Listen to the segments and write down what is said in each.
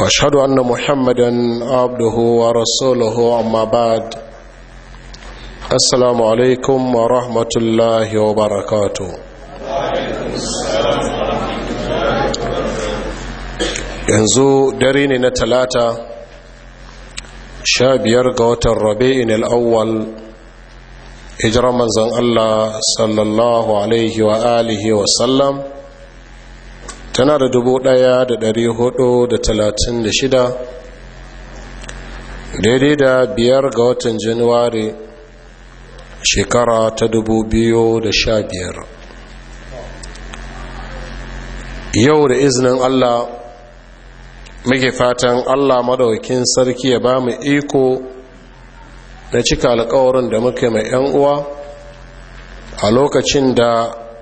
واشهد ان محمدا عبده ورسوله اما بعد السلام عليكم ورحمه الله وبركاته yanzu dare ne na talata sha biyar ga watan rabi'in al'awwal hijira manzan allah sallallahu alaihi wa alihi tana da dubu ɗaya da dari hudu da talatin da shida daidai da biyar ga watan januwari shekara ta dubu biyu da sha biyar yau da izinin allah muke fatan allah maɗaukin sarki ya ba mu iko na cika alkawarin da muke mai 'yan uwa a lokacin da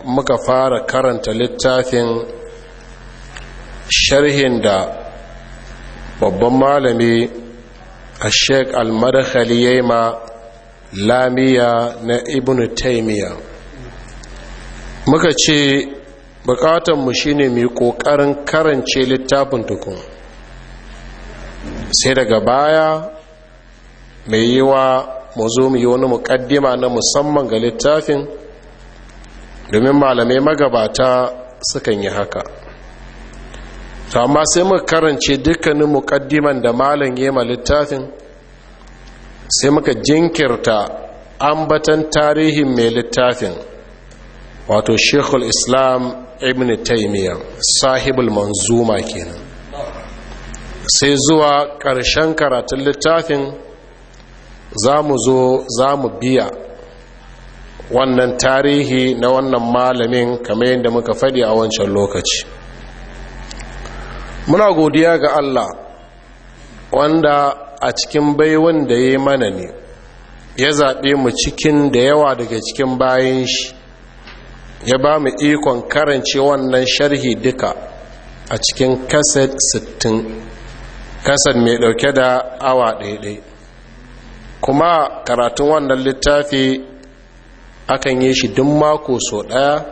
muka fara karanta littafin sharhin da babban malami a sheik almadakhali ya ma lamiya na ibn taimiyya muka ce bukatanmu shine mai kokarin karance littafin tukun sai daga baya mai yi wa mu zo mu yi wani mukaddima na musamman ga littafin domin malamai magabata sukan yi haka to amma sai muka karance dukkanin muƙaddiman da malam ma littafin sai muka jinkirta ambatan tarihin mai littafin wato shekul islam ibn taimiyya sahibul manzuma kenan sai zuwa ƙarshen karatun littafin za mu zo za mu biya wannan tarihi na wannan malamin kamar yadda muka faɗi a wancan lokaci muna godiya ga Allah wanda a cikin baiwan da ya yi mana ne ya zaɓe mu cikin da yawa daga cikin bayan shi ya ba mu ikon karance wannan sharhi duka a cikin kaset 60 kaset mai ɗauke da awa ɗaiɗai kuma karatun wannan littafi akan yi shi duk mako sau ɗaya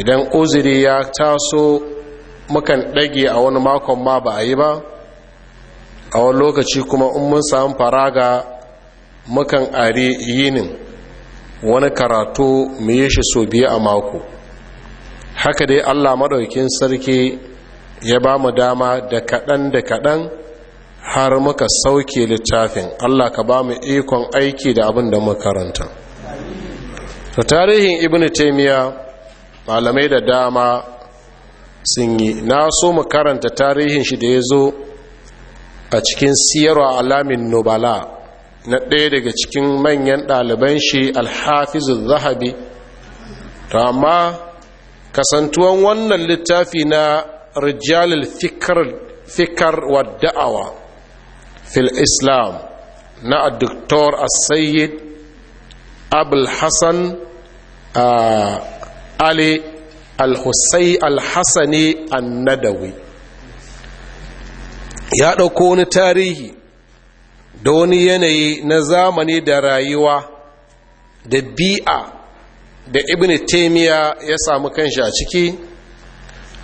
idan uzuri ya taso mukan ɗage a wani makon ma ba a yi ba a wani lokaci kuma in mun samu faraga mukan are yinin wani karatu mu yi shi so biyu a mako haka dai allah maɗaukin sarki ya ba mu dama da kaɗan da kaɗan har muka sauke littafin allah ka ba mu ikon aiki da abin da muka karanta tarihin ibn taimiyya malamai da dama sun yi na so mu karanta tarihin shi da ya zo a cikin siyarwa alamin nubala na ɗaya daga cikin manyan ɗaliban shi alhafizu zahabi to amma kasantuwan wannan littafi na rijalil fikar wa da'awa fil islam na addiktor asayid abul hassan uh, ali al-hussai al-hassani annadawi ya ɗauko wani tarihi da wani yanayi na zamani da rayuwa da bi'a da ibn Taimiyya ya samu kanshi a ciki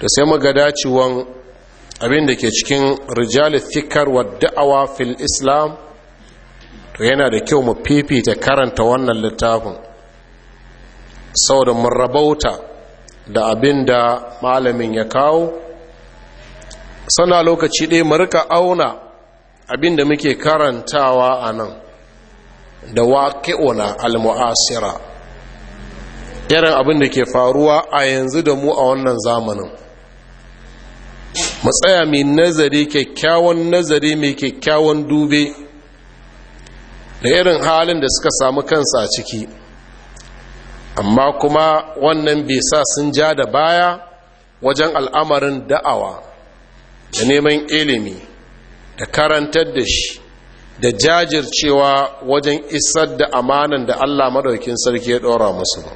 da sai magadaciwon abin da ke cikin rijalifikar fikar wa da'awa fil islam to yana da kyau mu fifita karanta wannan littafin saboda mun rabauta da abin da malamin ya kawo sana lokaci ɗaya marika auna abin da muke karantawa a nan da waƙi'una al-mu'asira irin abin da ke faruwa a yanzu da mu a wannan zamanin matsaya mai nazari kyakkyawan nazari mai kyakkyawan dube da irin halin da suka samu kansa a ciki amma kuma wannan bai sa sun ja da baya wajen al'amarin da'awa da neman ilimi da karantar da shi da jajircewa wajen isar da amanan da allah madaukin sarki ya ɗora musu ba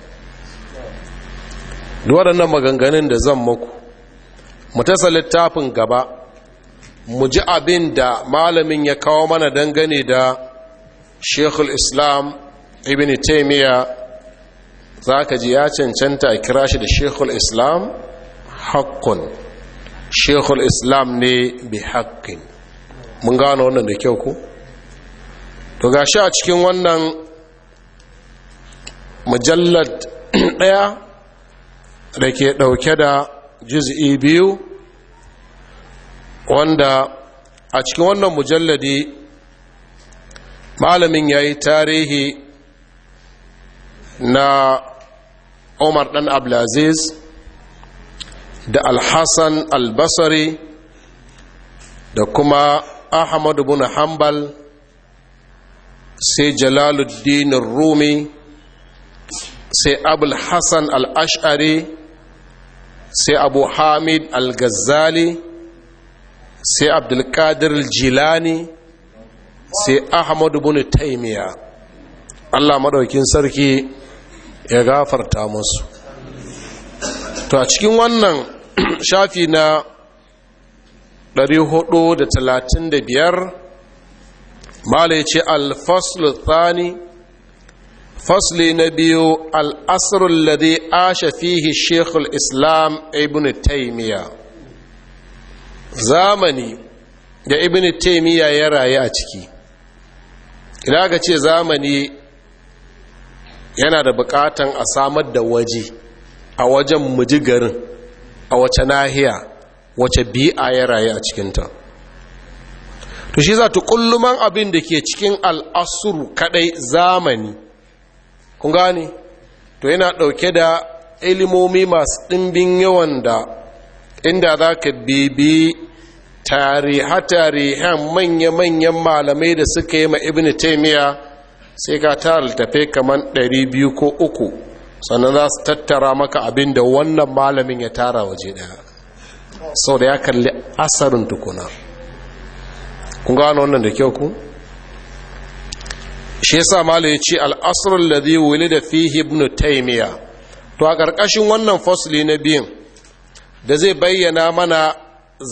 waɗannan maganganun da zan muku mu tasa littafin gaba mu ji abin da malamin ya kawo mana dangane da shekul islam ibn taimiyya za ka ji ya cancanta a kira shi da shekul islam haƙƙun shekul islam ne bi haƙƙin mun gano wannan da kyau ku? to ga shi a cikin wannan mujallar ɗaya da ke ɗauke da juz'i biyu wanda a cikin wannan mujalladi malamin ya yi tarihi na umar dan abdulaziz da alhassan albasari da kuma ahmadu bin hanbal sai jalaluddin rumi sai abul hassan ash'ari sai abu hamid al-ghazali sai abdulkadir jilani sai ahmadu bin taimiya allah maɗaukin sarki ya gafarta musu to a cikin wannan shafi na 435 mala ya ce alfaslu tsani fasli na biyu al'asirin lade asha fihi shekul islam ibn taimiyya zamani da ibn taimiya ya rayu a ciki idan aka ce zamani yana da bukatan a samar da waje a wajen muji garin a wace nahiya wace bi'a ya rayu a cikinta to shi za ta kulluman abin da ke cikin al'asuru kadai zamani kun gane to yana ɗauke da ilimomi masu ɗimbin yawan da inda za ka bibi tarihe-tarihen manya-manyan malamai da suka yi ma ibn taimiyya sai ka tara littafai kamar ɗari biyu ko uku sannan za su tattara maka abin da wannan malamin ya tara waje daya. sau da ya kalli asarin tukuna kun gano wannan da kyau ku shi yasa malai ce al'asirin zai wuli da fihi ibn taimiya to a ƙarƙashin wannan fosili na biyun da zai bayyana mana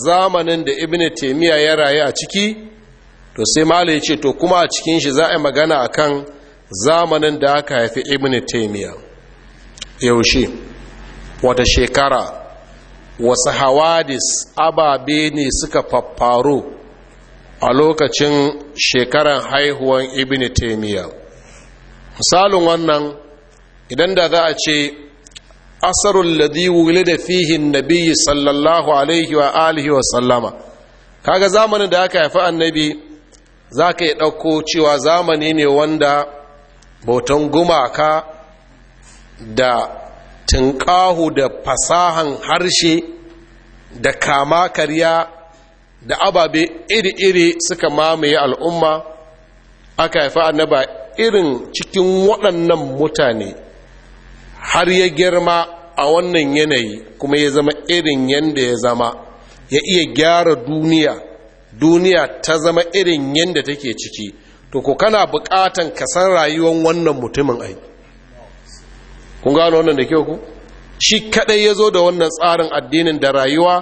zamanin da ibn taimiya ya rayu a ciki to sai malu ya ce to kuma a cikin shi za a yi magana a kan zamanin da aka haifi ibn taimiyar yaushe wata shekara wasu hawadis ababe ne suka faffaru a lokacin shekaran haihuwan ibn taimiyar misalin wannan idan da za a ce asarun ladhi da fihin nabi sallallahu alaihi wa alihi wa sallama kaga zamanin da aka haifi annabi za ka yi ɗauko cewa zamani ne wanda bautan gumaka da tunƙahu da fasahan harshe da kama karya da ababe iri-iri suka mamaye al'umma aka haifa annaba irin cikin waɗannan mutane har ya girma a wannan yanayi kuma ya zama irin yadda ya zama ya iya gyara duniya duniya ta zama irin yadda take ciki to ko kana bukatan ka san rayuwar wannan mutumin ai kun gano wannan da kyau ku shi kadai ya zo da wannan tsarin addinin da rayuwa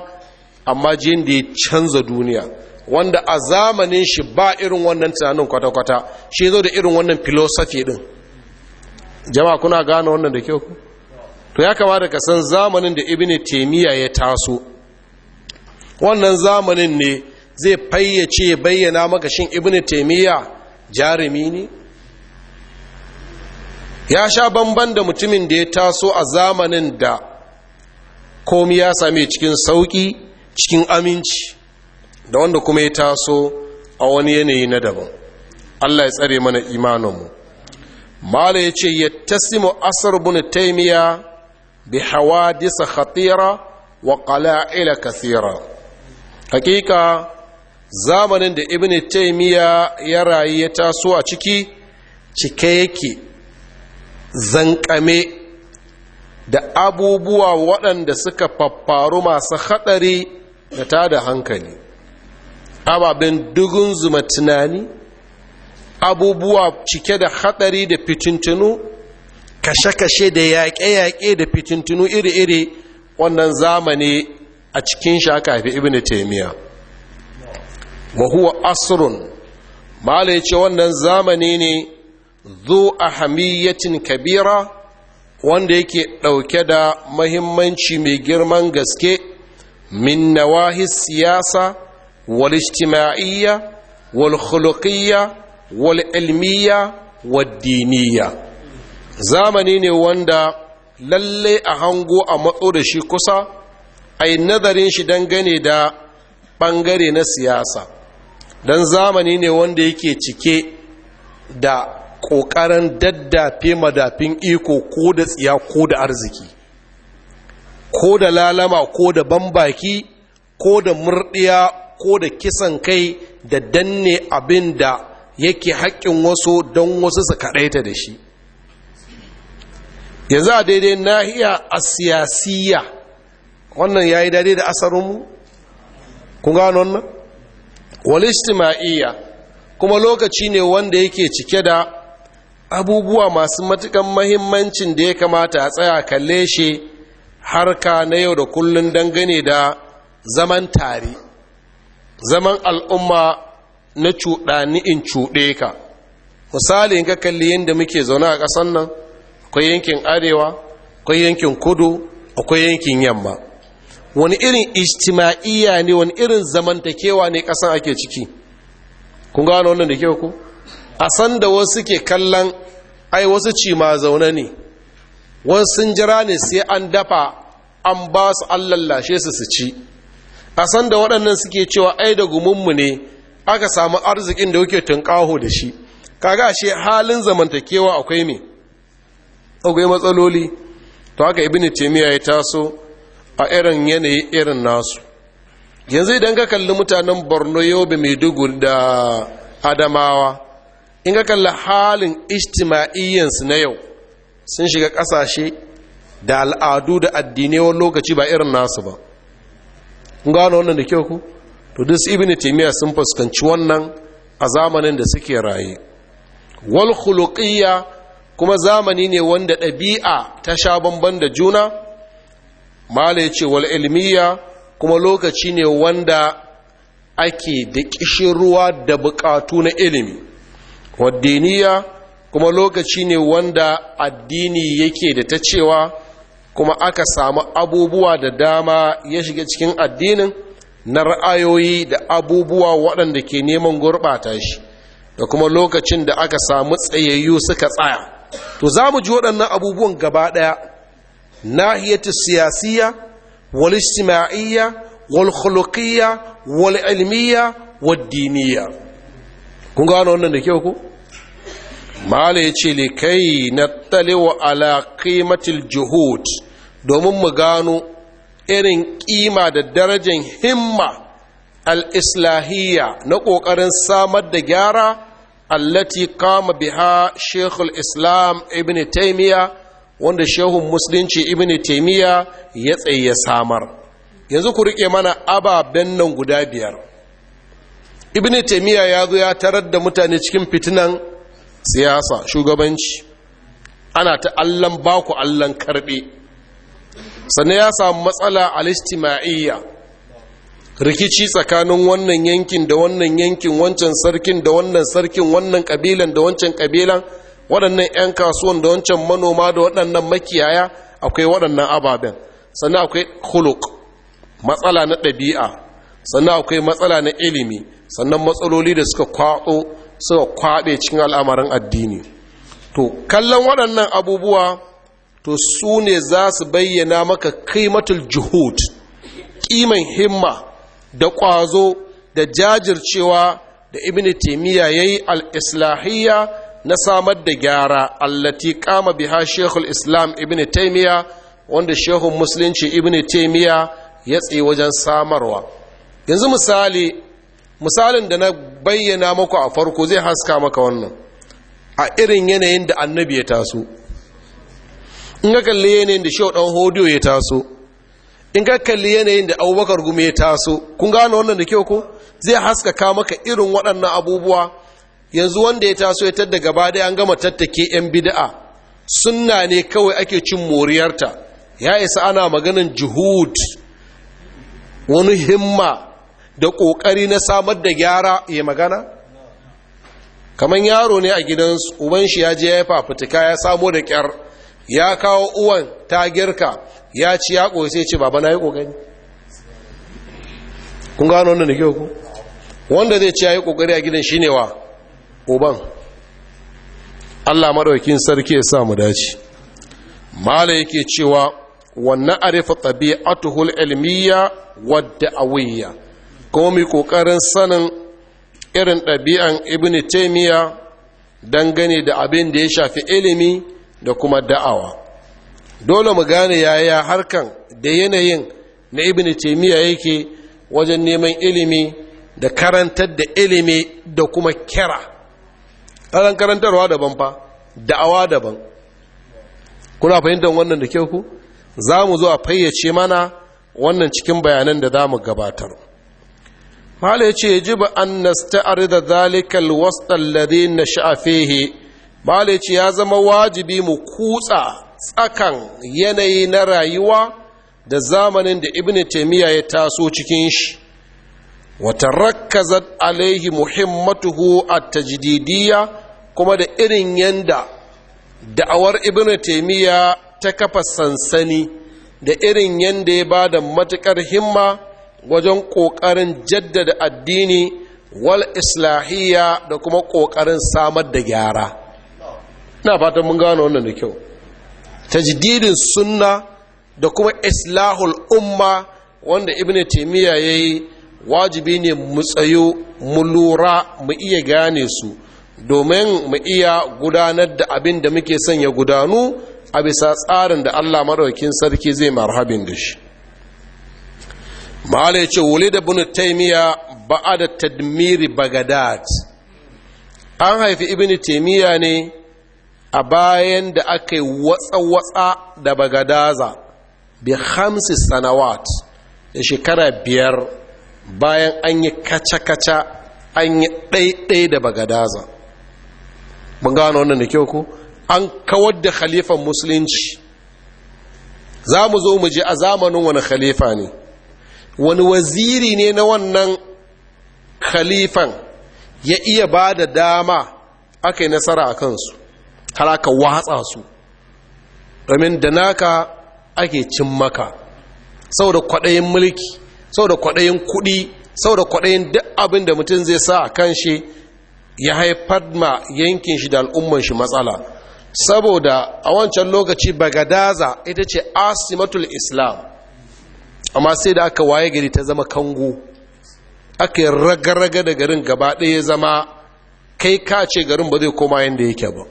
amma jin da ya canza duniya wanda a zamanin shi ba irin wannan tunanin kwata-kwata shi zo da irin wannan filosofi din jama'a kuna gano wannan da kyau ku to ya kamata ka san zamanin da ibn taymiya ya taso wannan zamanin ne zai fayyace bayyana maka shin ibn taimiyya jarumi ne ya sha bamban da mutumin da ya taso a zamanin da komi ya same cikin sauƙi cikin aminci da wanda kuma ya taso a wani yanayi na daban allah ya tsare mana imaninmu mala ya ce ya tasimu asar bin taimiyya bi disa khatira wa qala'ila kathira hakika zamanin da ibn taimiyya ya rayu ya taso a ciki cike yake zanƙame da abubuwa waɗanda suka faffaru masu haɗari da ta da hankali ababen dugun zuma tunani abubuwa cike da haɗari da fitintunu kashe-kashe da yaƙe-yaƙe da fitintunu iri-iri wannan zamani a cikin shakafi fi ibn taimiyya wa huwa asrun mala ya ce wannan zamani ne zu ahamiyyatin kabira wanda yake ɗauke da mahimmanci mai girman gaske min nawahi siyasa wal ijtima'iyya wal khuluqiyya wal ilmiyya wad diniyya zamani ne wanda lalle a hango a matso da shi kusa ai nazarin shi dangane da ɓangare na siyasa don zamani ne wanda yake cike da ƙoƙarin daddafe madafin iko ko da tsiya ko da arziki ko da lalama ko da bambaki ko da murɗiya ko da kisan kai da danne abin da yake haƙƙin wasu don wasu su kaɗaita da shi yanzu a daidai nahiya a siyasiya wannan ya yi daidai da asarinmu? kun gano wannan? walistima'iyya kuma lokaci ne wanda yake cike da abubuwa masu matukan mahimmancin da ya kamata a tsaya kalle shi harka na yau da kullun dangane da zaman tare zaman al'umma na cuɗani in cuɗe ka misali in ka kalli yadda muke zaune a ƙasan nan akwai yankin arewa akwai yankin kudu akwai yankin yamma wani irin ijtima'iyya ne wani irin zamantakewa ne kasan ake ciki kun gano wannan da ke ku a san wasu ke kallon ai wasu ci ma zaune ne wasu sun jira ne sai an dafa an ba su an su su ci a san waɗannan suke cewa ai da gumunmu ne aka samu arzikin da kuke tunƙaho da shi kaga ashe halin zamantakewa akwai me akwai matsaloli to haka ibn taymiya ya taso a irin yanayi irin nasu yanzu idan ka kalli mutanen borno yobe maiduguri da adamawa in ka kalli halin istima'iyyansu na yau sun shiga ƙasashe da al'adu da addinai wani lokaci ba irin nasu ba kun gano wannan da kyau ku to dis ibn taymiya sun fuskanci wannan a zamanin da suke raye wal khuluqiyya kuma zamani ne wanda ɗabi'a ta sha bamban da juna mala ya ce wal ilmiya kuma lokaci ne wanda ake da ruwa da bukatu na ilimi waddiniya kuma lokaci ne wanda addini yake da ta cewa kuma aka samu abubuwa da dama ya shiga cikin addinin na ra'ayoyi da abubuwa waɗanda ke neman gurɓata shi da kuma lokacin da aka samu tsayayyu suka tsaya to za mu ji waɗannan abubuwan gaba ɗaya nahiyatu siyasiyya wal ijtima'iyya wal khuluqiyya wal ilmiyya wad kun gano wannan da kyau ko mala yace likai nattaliwa ala qimatil juhud domin mu gano irin kima da darajar himma al-islahiyya na ƙoƙarin samar da gyara allati kama biha shekul islam ibn taimiyya wanda shehun musulunci ibn taimiyya ya tsaye samar yanzu ku rike mana ababen nan guda biyar ibn taimiyya ya zo ya tarar da mutane cikin fitinan siyasa shugabanci ana ta allan baku allan karbe sannan ya samu matsala a alistima'iyya rikici tsakanin wannan yankin da wannan yankin wancan sarkin da wannan sarkin wannan kabilan da wancan kabilan waɗannan 'yan kasuwan da wancan manoma da waɗannan makiyaya akwai waɗannan ababen sannan akwai huluk matsala na ɗabi'a sannan akwai matsala na ilimi sannan matsaloli da suka kwaɗo suka kwaɗe cikin al'amarin addini to kallon waɗannan abubuwa to su ne za su bayyana maka kaimatul juhud ƙiman himma da ƙwazo da jajircewa da ibn taimiyya ya yi al'islahiyya na samar da gyara allati kama biha shekul islam ibn taimiya wanda shehun musulunci ibn taimiya ya tsaye wajen samarwa yanzu misali misalin da na bayyana maku a farko zai haska maka wannan a irin yanayin da annabi ya taso in ka kalli yanayin da shehu dan hodiyo ya taso in ka kalli yanayin da abubakar gumi ya taso kun gane wannan da kyau ko zai haskaka maka irin waɗannan abubuwa yanzu wanda ya taso ya tadda gaba da an gama tattake yan bid'a sunna ne kawai ake cin moriyarta ya isa ana maganin juhud wani himma da ƙoƙari na samar da gyara ya magana kamar yaro ne a gidansu uban shi ya je ya fafutuka ya samo da ƙyar ya kawo uwan ta girka ya ci ya ƙoyi sai ce baba na yi ƙoƙari kun gano wannan da kyau ku wanda zai ci ya yi ƙoƙari a gidan shi ne wa uban allah maɗaukin sarki ya sa mu dace mala yake cewa wannan arifa tabi'atuhul ilmiya wadda da'awiyya kuma mai ƙoƙarin sanin irin ɗabi'an ibn taymiya dangane da abin da ya shafi ilimi da kuma da'awa dole mu gane yaya harkan da yanayin na ibn taymiya yake wajen neman ilimi da karantar da ilimi da kuma kira ƙazan karantarwa daban fa da'awa daban kuna fahimtar wannan da kyau ku za mu zo a fayyace mana wannan cikin bayanan da za mu gabatar mala ya ce ji ba an nasta'ar da zalikal ladin na sha'afehe mahala ya ce ya zama wajibi mu kutsa tsakan yanayi na rayuwa da zamanin da ibn taimiyya ya taso cikin shi watarakazat alaihi muhimmatuhu at-tajdidiyya kuma da irin yanda da'awar ibnu taymiya ta kafa sansani da irin yanda ya bada matuƙar himma wajen kokarin jaddada addini wal islahiyya da kuma kokarin samar da gyara ina fatan mun gano wannan da kyau tajdidin sunna da kuma islahul umma wanda ibnu taymiya yayi wajibi ne mu tsayo mu lura mu iya gane su domin mu iya gudanar da abin da muke son ya gudanu a bisa tsarin da Allah maɗaukin sarki zai marhabin da shi mahala ya ce wuli da bunu taimiya ba'a da tadmiri bagadad an haifi ibn taimiya ne a bayan da aka yi watsa-watsa da bagadaza bi hamsi sanawat da shekara biyar bayan an yi kaca-kaca an yi ɗaiɗai da bagadaza mun gano wannan da kyau ku an kawar da khalifan musulunci za mu zo mu je a zamanin wani khalifa ne wani waziri ne na wannan khalifan ya iya ba da dama aka yi nasara a kansu har aka watsa su domin da naka ake cin maka saboda kwaɗayin mulki Sau da kwaɗayin kuɗi da kwaɗayin duk abin da mutum zai sa a kan shi ya haifar ma yankin shi da al'umman shi matsala saboda a wancan lokaci bagadaza ita ce asimatul islam amma sai da aka waye gari ta zama kango aka yi raga-raga da garin gaba ɗaya zama kai ka ce garin ba zai koma yadda yake ba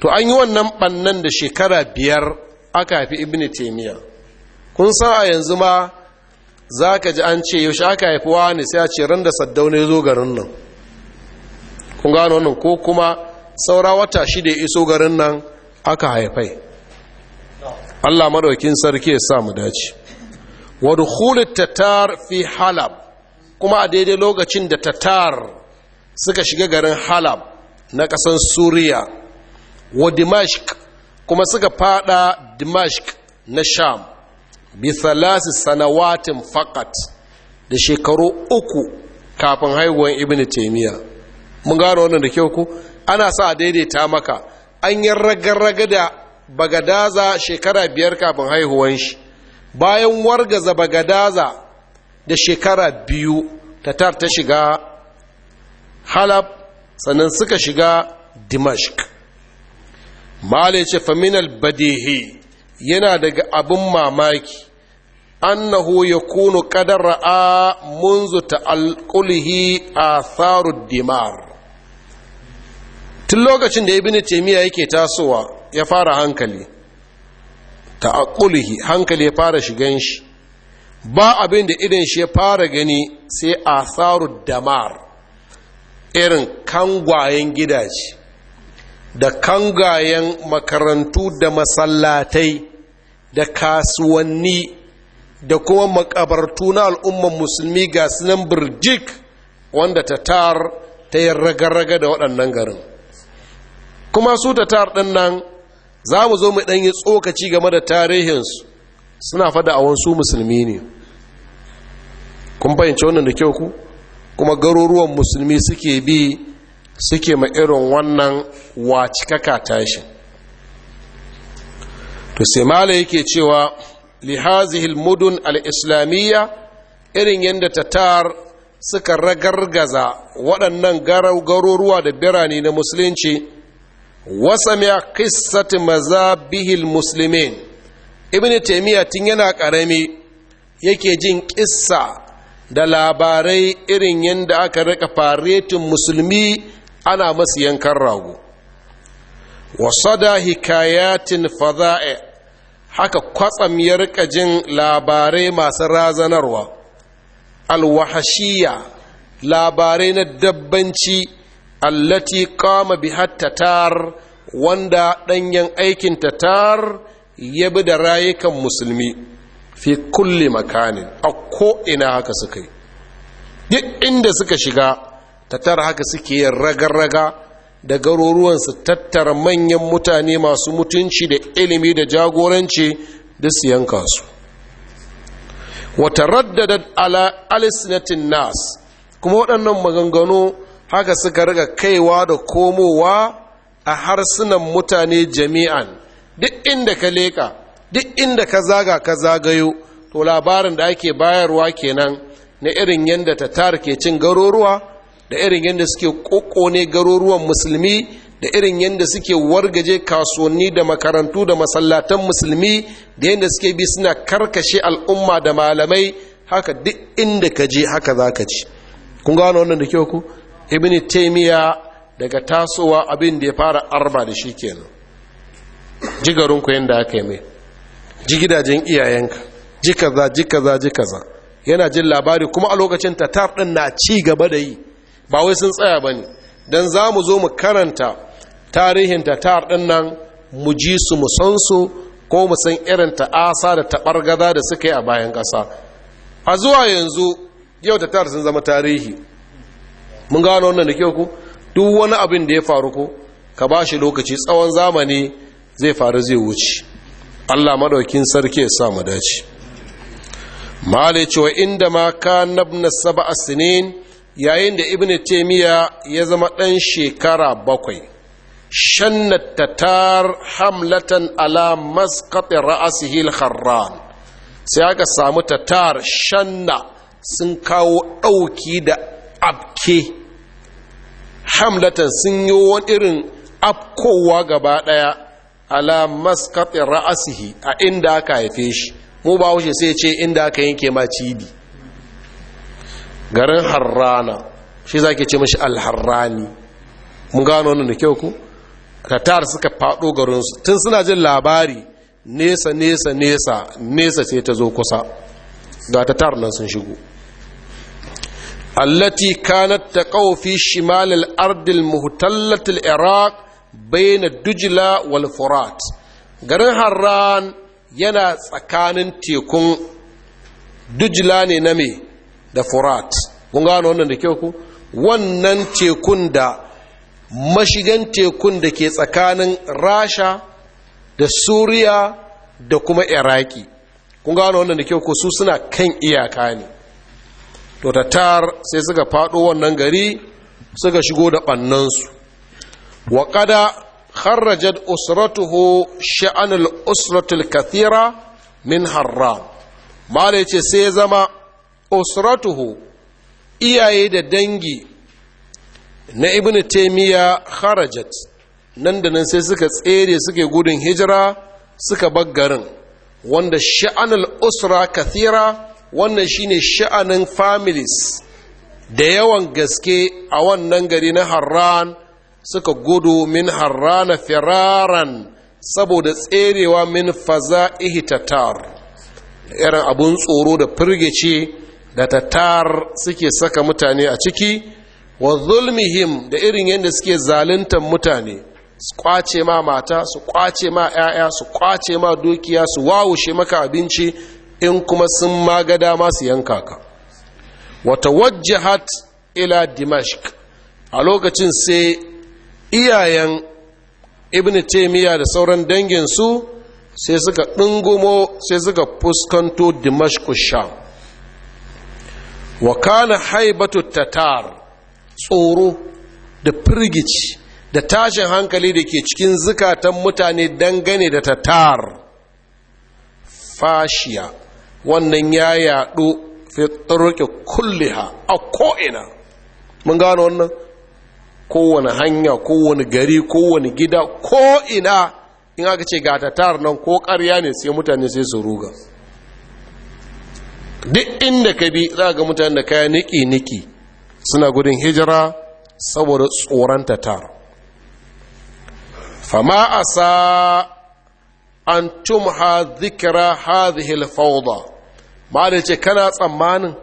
to an yi wannan bannan da shekara biyar aka haifi ibn taimiyya kun san a yanzu ma za ka ji an ce yaushe aka haifi wani sai a ce ran da saddaune zo garin nan kun gano wannan ko kuma saura wata shida iso garin nan aka haifai Allah maɗaukin sarki ya sa mu dace wadda dukhulut tatar fi halab kuma a daidai lokacin da tatar suka shiga garin halab na ƙasan suriya wa dimashq kuma suka fada dimashq na sham bi salasi sanawatin fakat da shekaru uku kafin haihuwan ibn taimiyya mun gano wannan da kyau ku ana sa daidaita maka an yi raga-raga da bagadaza shekara biyar kafin haihuwan shi bayan wargaza bagadaza da shekara biyu tar ta shiga halab sannan suka shiga dimashq malai ce faminal badihi yana daga abin mamaki annahu ya kunu kadar ra'a munzu ta'alƙulihi a tsarin dimar tun lokacin da ibn taimiyya yake tasowa ya fara hankali ta'alƙulihi hankali ya fara shigan shi ba abin da idan shi ya fara gani sai a tsarin damar irin kangwayen gidaje da kangwayen makarantu da masallatai da kasuwanni da kuma makabartu na al'ummar musulmi ga sunan birjik wanda tatar ta yi raga da waɗannan garin kuma su tatar ɗin nan za mu zo mu ɗanyi tsokaci game da tarihinsu suna fada a wasu musulmi ne kun fahimci wannan da kyau ku kuma garuruwan musulmi suke bi suke ma irin wannan wacikaka tashi to sai mala yake cewa lihazihil mudun al-islamiyya irin yadda tatar suka ragargaza waɗannan garuruwa da birane na musulunci wasamiya kissat mazabihil muslimin ibn taimiyya tun yana ƙarami yake jin ƙissa da labarai irin yadda aka rika faretin musulmi ana masu yankan rago wasada hikayatin fada'i haka kwatsam ya rika jin labarai masu razanarwa alwahashiya labarai na dabbanci allati kama bihat tatar wanda ɗanyen aikin tatar ya bi da rayukan musulmi fi kulle makanin a ko'ina haka suka yi duk inda suka shiga tatar haka suke yin raga-raga da garuruwansu tattara manyan mutane masu mutunci da ilimi da jagoranci da siyan yanka wata raddada ala alisnatin nas kuma waɗannan maganganu haka suka riga kaiwa da komowa a harsunan mutane jami'an duk inda ka leka duk inda ka zaga ka zagayo to labarin da ake bayarwa kenan na irin yadda ta ke cin garuruwa da irin yadda suke ne garuruwan musulmi da irin yadda suke wargaje kasuwanni da makarantu da masallatan musulmi da yadda suke bi suna karkashe al'umma da malamai haka duk inda ka je haka za ka ci kun gano wannan da kyau ku ibn taimiya daga tasowa abin da ya fara arba da shi kenan ji ku yadda aka yi mai ji gidajen iyayenka ji kaza ji kaza ji kaza yana jin labari kuma a lokacin tatar din na ci gaba da yi ba wai sun tsaya ba ne don za mu zo mu karanta tarihin ta ɗin nan mu ji su mu san su ko mu san irin ta'asa da taɓargaza da suka yi a bayan ƙasa a zuwa yanzu yau ta tatar sun zama tarihi mun gano wannan da kyau ku duk wani abin da ya faru ko ka ba shi lokaci tsawon zamani zai faru zai wuce allah maɗaukin sarki ya sa mu dace malai cewa inda ma ka nabna saba sinin yayin da ibn taimiyya ya zama ɗan shekara bakwai shannat tatar hamlatan ala maskati ra'asihil harran sai aka samu tatar shanna sun kawo ɗauki da abke hamlatan sun yi wani irin afkowa gaba ɗaya ala maskati ra'asihi a inda aka haife shi mu ba wuce sai ce inda aka yanke ma cibi garin harrana shi za ce mashi alharrani mun gano wannan da kyau ku tatar suka faɗo garinsu tun suna jin labari nesa nesa nesa nesa sai ta zo kusa ga tatar nan sun shigo allati kanat taqaw fi shimal al-ard al-muhtallat al-iraq bayna dujla wal furat garin harran yana tsakanin tekun dujla ne na me da furat kun gano wannan da kyau ku wannan tekun da mashigan tekun da ke tsakanin rasha da suriya da kuma iraki kun gano wannan da kyau ku? su suna kan iyaka ne to tatar sai suka faɗo wannan gari suka shigo da ɓannansu wa ƙada kharrajat usratuhu sha'anul usratul kathira min harram mala yace sai zama usratuhu iyaye da dangi na ibn taimiyya harajat nan da nan sai suka tsere suke gudun hijira suka bar garin wanda sha'anul usra kathira wannan shine sha'anin families da yawan gaske a wannan gari na harran suka gudu min harrana firaran saboda tserewa min faza tatar irin abun tsoro da firgici da tattar suke saka mutane a ciki wa zulmihim da irin yadda suke zaluntar mutane su kwace ma mata su kwace ma 'ya'ya su kwace ma dukiya su wawushe maka abinci in kuma sun magada dama yanka ka wata wajjahat ila dimashq a lokacin sai iyayen ibn taimiyya da sauran dangin su sai suka ɗungumo sai suka fuskanto dimashq sham wa kana haibatu tatar tsoro da firgici da tashin hankali da ke cikin zukatan mutane dangane da tatar fashiya wannan ya yaɗo fitarruke kulliha a ko'ina mun gano wannan kowane hanya kowane gari kowane gida ko'ina in aka ce ga tatar nan ko ƙarya ne sai mutane sai su ruga duk inda ka bi za ga mutane da kaya niki-niki suna gudun hijira saboda tsoron tatar fama sa an ha zikira zihil fauda ba da ce kana tsammanin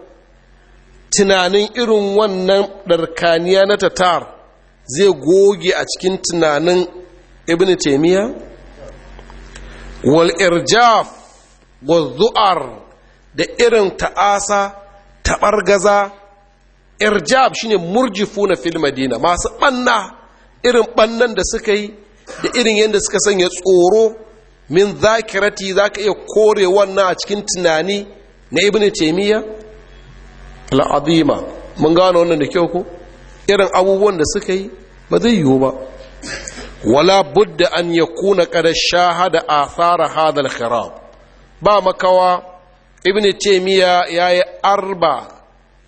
tunanin irin wannan ɗarkaniya na tatar zai goge a cikin tunanin ibn taimiyya wal irjaf wa zu'ar da irin ta'asa taɓargaza irjab shine murjifu na fil madina masu ɓanna irin ɓannan da suka yi da irin yadda suka sanya tsoro min zakirati za ka iya kore wannan a cikin tunani na ibn taimiyya al'adima. mun gano wannan da kyau ko irin abubuwan da suka yi ba zai yiwu ba wala budda an kuna qad shahada a tsara hadal kharab ba makawa ibn taimiyya ya yi arba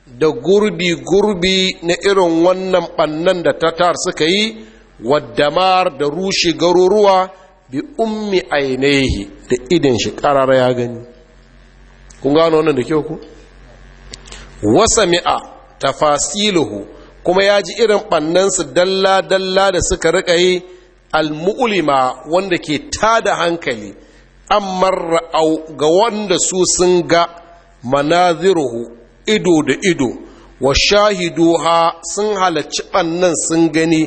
da gurbi-gurbi na irin wannan bannan da tatar suka yi waddamar da rushe garuruwa bi ummi ainihi da idin shi ya gani kun gano wannan da kyau ku wasa tafasiluhu kuma ya ji irin bannansu dalla-dalla da suka riƙa yi almu'ulima wanda ke tada hankali amma ra'au ga wanda su sun ga manaziruhu ido da ido wa shahiduha sun halarci ɓannan sun gani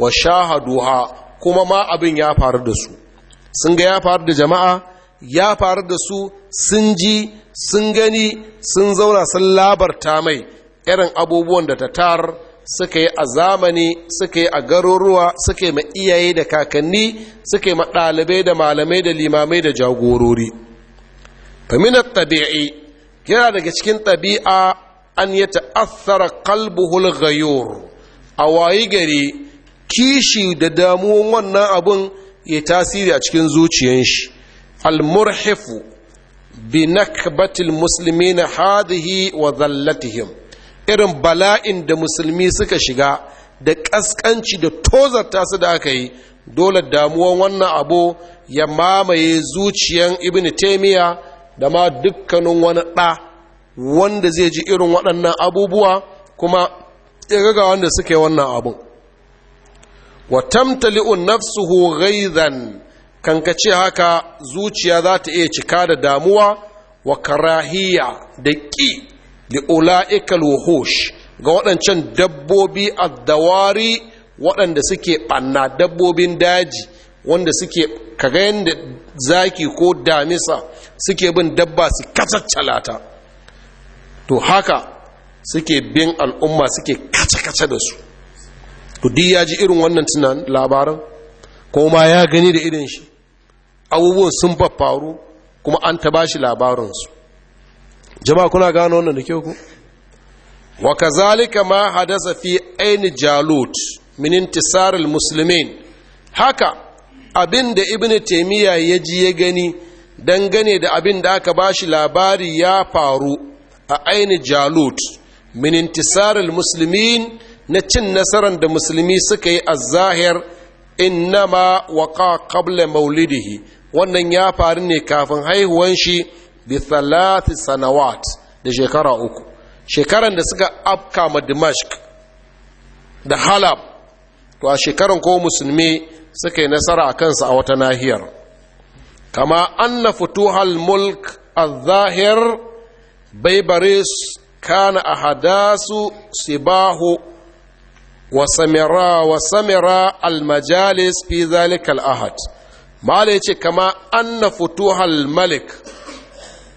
wa shahaduha kuma ma abin ya faru da su sun ga ya faru da jama'a ya faru da su sun ji sun gani sun zauna sun labarta mai irin abubuwan da ta tar suka yi a zamani suka yi a garuruwa suka yi ma iyaye da kakanni suka yi ma ɗalibai da malamai da limamai da jagorori faminar tabi'i yana daga cikin tabi'a an yi ta'athara kalbuhul gayor a wayi gari kishi da damuwan wannan abun ya tasiri a cikin zuciyan shi almurhifu bi nakbatil muslimina hadhihi wa zallatihim irin bala'in da musulmi suka shiga da ƙasƙanci da tozarta su da aka yi dole damuwan wannan abu ya mamaye zuciyan ibn taimiya da ma dukkanin wani ɗa wanda zai ji irin waɗannan abubuwa kuma ya gaga wanda suke wannan abu wa tamtali'un nafsuhu ghaizan kankace haka zuciya za ta iya cika da damuwa wa karahiya da ƙi li ula'ikal wuhush ga waɗancan dabbobi addawari waɗanda suke ɓanna dabbobin daji wanda suke kaga yadda zaki ko damisa suke bin dabba su kacaccalata to haka suke bin al'umma suke kace-kace da su to duk ya ji irin wannan tunan labaran ma ya gani da irin shi abubuwan sun faru kuma an ta bashi shi labaransu jama'a kuna gano wannan da kyau ku wa kazalika ma hadasa fi ain jalut min intisar almuslimin haka abin da ibn taymiya ya ji ya gani dangane da abin da aka bashi labari ya faru a ain jalut min intisar almuslimin na cin nasarar da musulmi suka yi azahir zahir innama waqa qabla maulidihi wannan ya faru ne kafin haihuwan shi bi thalath sanawat da shekara uku shekaran da suka afka ma dimashq da halab to a shekaran ko musulmi suka yi nasara a kansa a wata nahiyar kama anna futuhal mulk al-zahir baibaris kana ahadasu sibahu wa samira wa samira al-majalis fi zalika al-ahad mala yace kama anna futuhal malik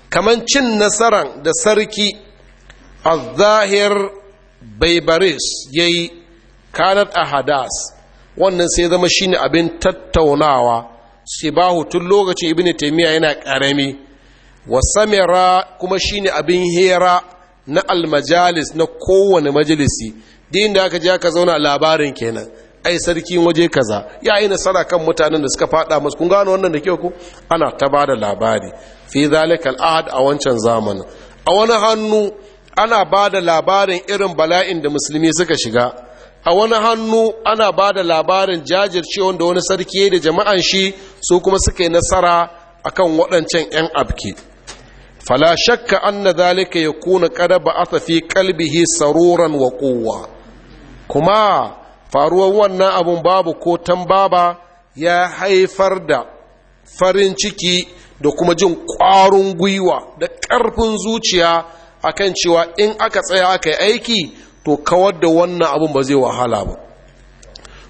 kamar cin nasaran da sarki al-zahir baibaris ya yi kanat ahadas wannan sai zama shine abin tattaunawa sibahu tun lokacin ibn taimiyya yana ƙarami wa samira kuma shine abin hira na almajalis na kowane majalisi din da aka je aka zauna labarin kenan ai sarkin waje kaza ya yi nasara kan mutanen da suka fada masu kun gano wannan da kyau ku ana ta ba da labari fi zalikal ahad a wancan zamanin a wani hannu ana ba da labarin irin bala'in da musulmi suka shiga a wani hannu ana ba da labarin jajircewa da wani sarki da jama'an shi su kuma suka yi nasara akan waɗancan 'yan abki fala shakka anna zalika yakuna ba a fi kalbihi saruran wa kowa. kuma Faruwar wannan abun babu ko tambaba ya haifar da farin ciki da kuma jin ƙwarin gwiwa da ƙarfin zuciya akan cewa in aka tsaya aka yi aiki to kawar da wannan abun ba zai wahala ba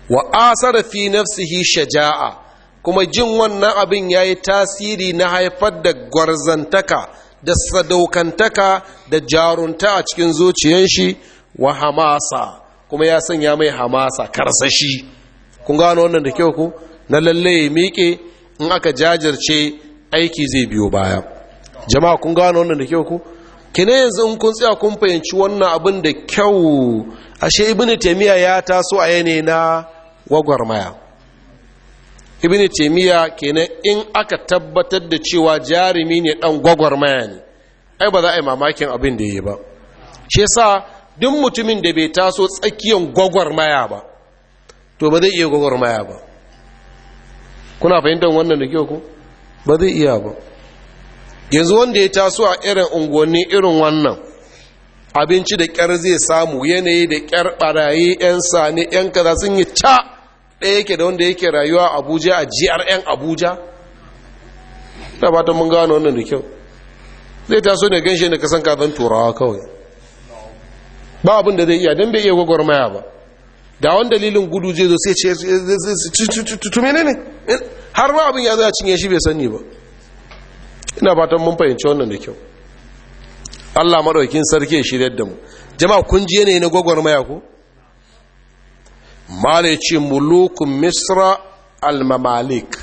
wa asara fi nafsihi shaja'a kuma jin wannan abin ya yi tasiri na haifar da gwarzantaka da sadaukantaka da jarunta a cikin zuciyar wa hamasa kuma ya sanya mai hamasa karsashi kun gano wannan da kyau ku na lalle ya miƙe in aka jajirce aiki zai biyo baya jama'a kun gano wannan da kyau ku kine yanzu in kun tsaya kun fahimci wannan abin da kyau ashe ibnu taymiya ya taso a yane na gwagwarmaya ibnu taymiya kenan in aka tabbatar da cewa jarumi ne dan gwagwarmaya ne ai ba za a yi mamakin abin da yi ba shi yasa duk mutumin da bai taso tsakiyan maya ba to ba zai iya gwagwar maya ba kuna fahimtar wannan da kyau ko ba zai iya ba yanzu wanda ya taso a irin unguwanni irin wannan abinci da kyar zai samu yanayi da kyar barayi yan sani yan kaza sun yi ta. ɗaya yake da wanda yake rayuwa abuja a grn abuja ba ta mun gano wannan da kyau zai taso ne ganshi da kasan kazan turawa kawai ba abin da zai iya don bai iya gwagwarmaya ba da wani dalilin gudu zai zo sai ce tutume ne ne har ma abin ya zai cinye shi bai sani ba ina fatan mun fahimci wannan da kyau allah maɗaukin sarki ya shirya da mu jama'a kun ji yanayi na gwagwarmaya ko mala ce mulukun misra almamalik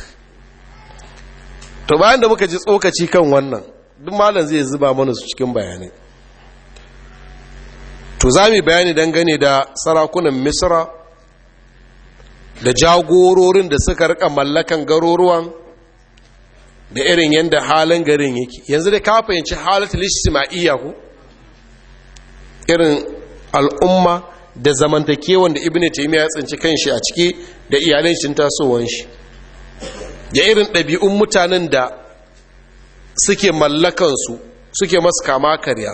to bayan da muka ji tsokaci kan wannan duk malam zai zuba mana su cikin bayanai to za mu bayani dangane da sarakunan misra da jagororin da suka rika mallakan garuruwan da irin yadda halin garin yake yanzu da ka fahimci halatul iya ku. irin al'umma da zamantakewan da Ibn Taimiyya ya tsinci kanshi a ciki da iyalan shi shi da irin ɗabi'un mutanen da suke mallakansu suke masu kama karya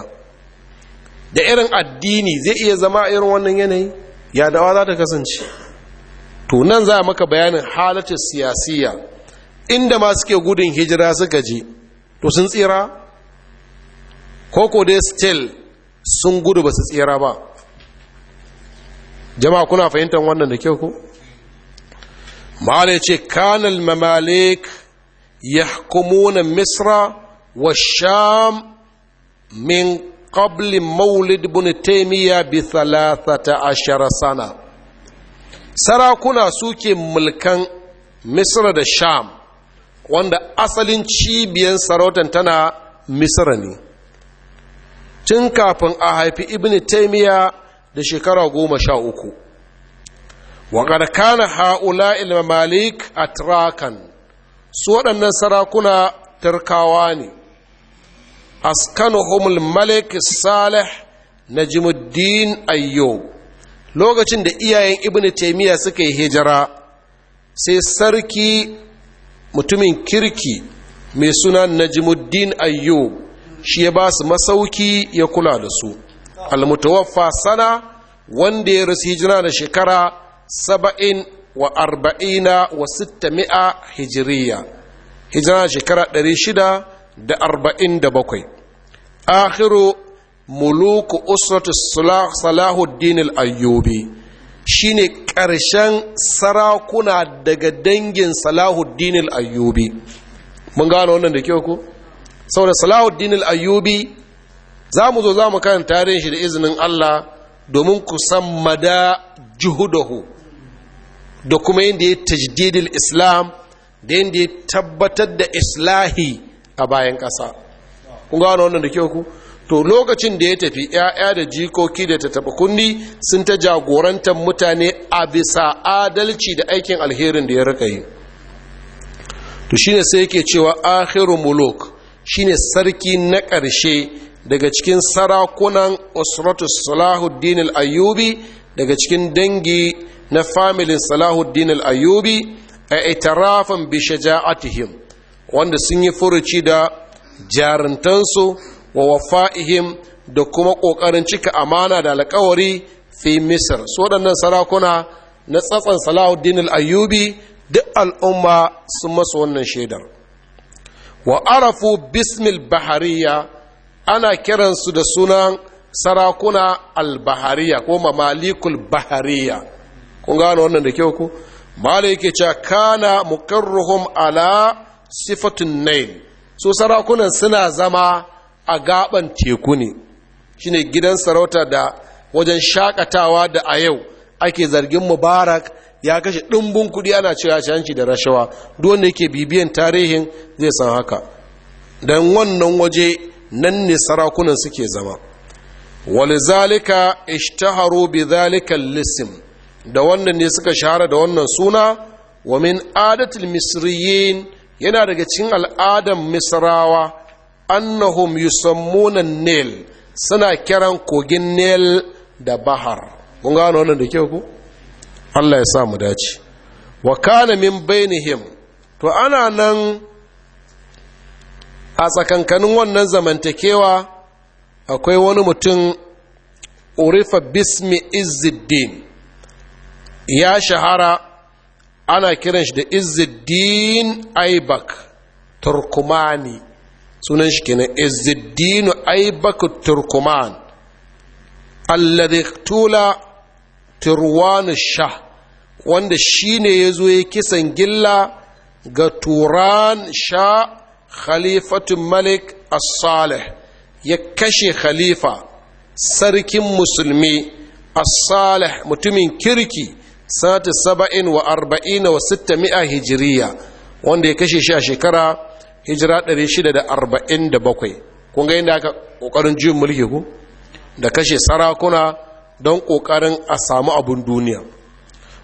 da irin addini zai iya zama irin wannan yanayi ya dawa za ta kasance to nan za a maka bayanin halatar siyasiya inda ma suke gudun hijira suka je to sun tsira ko ko dai still sun gudu ba su tsira ba jama'a kuna fahimtar wannan da kyau ko ma'ala ce kanal mamalik ya misra wa sham min qabli maulid ibn taymiya bi thalathata ashara sana sarakuna suke mulkan misra da sham wanda asalin cibiyar sarautan tana misra ne tun kafin a haifi ibn taymiya da shekara goma sha uku waƙar kana ha'ula ilmamalik atrakan su waɗannan sarakuna Tarkawa ne askanuhumul malik salih najmuddin Ayyo, lokacin da iyayen ibn taimiyya suka yi hijira sai sarki mutumin kirki mai suna najmuddin Ayyo shi ya ba su masauki ya kula da su almutawaffa sana wanda ya rasu hijira da shekara saba'in wa arba'ina wa sitta mi'a hijiriya hijira shekara ɗari shida da arba'in da bakwai akhiru muluku usratu salahuddin al-ayyubi shine ƙarshen sarakuna daga dangin salahuddin al-ayyubi mun gano wannan da kyau ko saboda salahuddin al-ayyubi za mu zo za mu kan tarihin shi da izinin allah domin ku san mada juhudahu da kuma yadda ya tajdidil islam da yadda ya tabbatar da islahi a bayan ƙasa kun gano wannan da kyau ku to lokacin da ya tafi ‘ya'ya da jikoki da tattaɓa kunni sun ta jagorantar mutane a bisa adalci da aikin alherin da ya rika yi to shine sai yake cewa akhiru muluk shine sarki na ƙarshe daga cikin sarakunan usratu salahuddin al-ayyubi daga cikin dangi na familin salahuddin al-ayyubi a itarafin bi shaja'atihim wanda sun yi furuci da jarintansu wa wafa'ihim da kuma ƙoƙarin cika amana da alkawari fi misir su waɗannan sarakuna na tsatsan salahuddin al'ayyubi duk al'umma sun masu wannan shaidar wa arafu bismil bahariya ana kiransu da sunan sarakuna albahariya ko mamalikul bahariya kun gano wannan da kyau ku mala yake cewa kana muqarruhum ala sifatun nail so sarakunan suna zama a gaban teku ne shine gidan sarauta da wajen shakatawa da a yau ake zargin mubarak ya kashe ɗumbin kuɗi ana cewa shanci da rashawa duk yake bibiyan tarihin zai san haka don wannan waje nan ne sarakunan suke zama walizalika ishtaharu bi zalika Lissim da wannan ne suka shahara da wannan suna wa min misriyin yana daga cikin al'adar misrawa annahum yusammuna nil suna kiran kogin nil da bahar mun gano wannan da kyau ku Allah ya sa dace wa kana min bainihim to ana nan a tsakankanin wannan zamantakewa akwai wani mutum urifa bismi izziddin ya shahara ana kiran shi da izzuddin aibak turkumani sunan shi kenan izzuddin aibak turkuman alladhi tula turwanu shah wanda shi shine yazo ya kisan gilla ga turan sha khalifatun malik as-salih ya kashe khalifa sarkin musulmi as-salih mutumin kirki Sati saba'in wa arba'ina wa sitta mi'a hijiriya wanda ya kashe shi a shekara hijira shida da da arba'in bakwai. kun ga yadda aka kokarin juyin mulki ku da kashe sarakuna don ƙoƙarin a samu abun duniya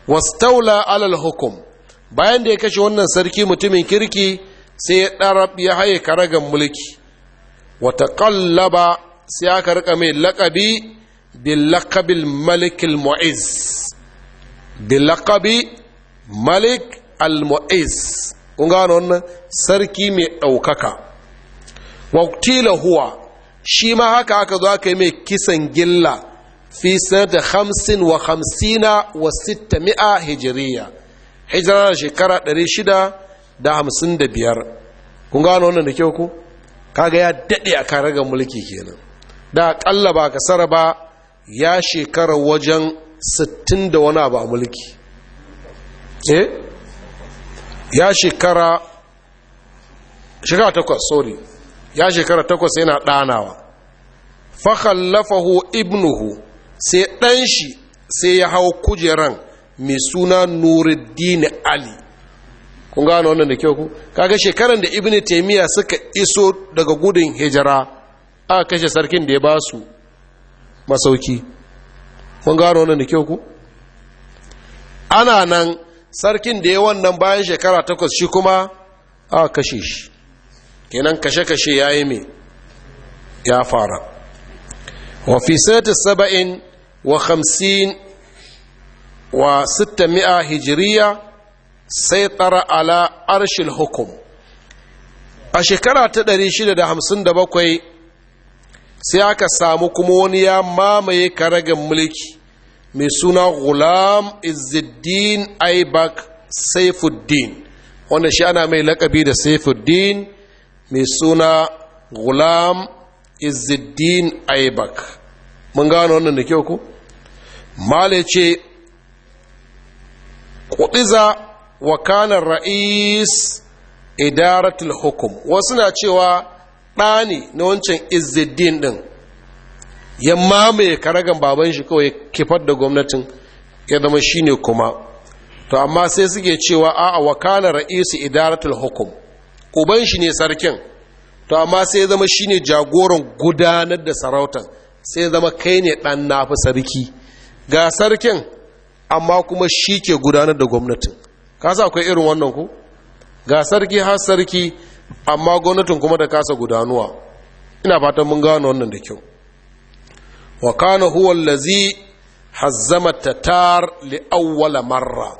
wastaula alal hukum bayan da ya kashe wannan sarki mutumin kirki sai ya ɗarab ya haye karagan mulki wata ƙallaba sai aka rika mai laƙabi bil laƙabil malikil mu'iz bilakabi malik al-mu'is kun gano wannan sarki mai ɗaukaka waktila huwa shi ma haka aka zo aka yi mai kisan gilla fi sanata hamsin wa hamsina wa sita mi'a hijiriya hijira shekara ɗari shida da hamsin da biyar kun gano wannan da kyau ku kaga ya daɗe a karagar mulki kenan da ƙalla ba saraba ba ya shekara wajen sittin da wani abu a mulki eh? ya shekara shekara takwas sorry ya shekara takwas yana ɗanawa fakhallafahu ibnuhu sai ɗan shi sai ya hau kujeran mai suna nuruddin ali kun gano wannan da kyau ku kaga shekaran da ibnu taimiyya suka iso daga gudun hijira aka kashe sarkin da ya ba su masauki kun gano wannan da kyau ku ana nan sarkin da ya wannan bayan shekara takwas shi kuma a kashe shi kenan kashe-kashe ya yi mai ya fara wafisata saba'in wa hamsin wa sitta mi'a hijiriya sai tsara ala arshil hukum a shekara ta 657 sai aka samu kuma wani ya mamaye karagin mulki mai suna gulam izzuddin aibak saifuddin wanda shi ana mai lakabi da saifuddin mai suna gulam izzuddin aibak mun gano wannan da kyau ku male ce kuɗiza wa kanar ra'is idaratul hukum wasu na cewa ɗani na wancan izzuddin ɗin ya mamaye karagan baban shi kawai kifar da gwamnatin ya zama shine kuma to amma sai suke cewa a'a wakana ra'isu idaratul hukum uban shi ne sarkin to amma sai zama shi ne jagoran gudanar da sarautar sai zama kai ne dan nafi sarki ga sarkin amma kuma shi ke gudanar da gwamnatin kasa akwai irin wannan ku ga sarki har sarki amma gwamnatin kuma da kasa gudanuwa ina fatan mun gano wannan da kyau وكان هو الذي حزم التتار tatar li Shi marra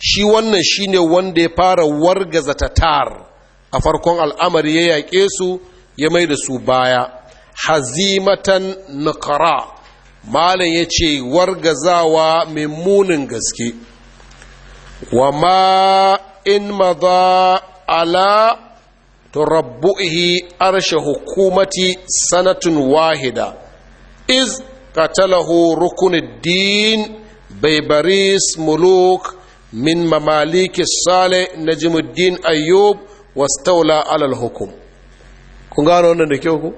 shi wannan shine wanda ya fara wargaza tatar a farkon al'amari ya yaƙe su ya mai da su baya hazimatan nakara malam ya ce wargazawa mai gaske wa ma in maza ala turabbu'ihi arshe hukumati sanatun wahida iz qatalahu bai baris muluk min mamaliki sale najimuddin ayyub wastaula alal hukum kun gano wannan da kyau ku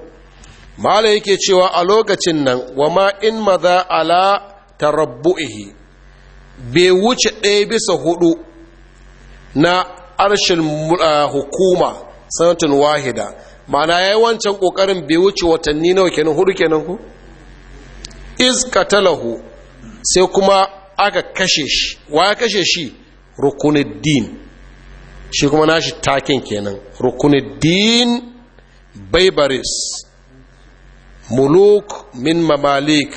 mala yake cewa a lokacin nan wa ma in maza ala tarabbu'ihi bai wuce ɗaya bisa hudu na arshin hukuma sanatin wahida ma'ana ya yi wancan ƙoƙarin bai wuce watanni nawa kenan hudu kenan ku talahu sai kuma aka kashe shi wa ya kashe shi rukunuddin shi kuma nashi takin kenan rukunuddin baibaris muluk min mamalik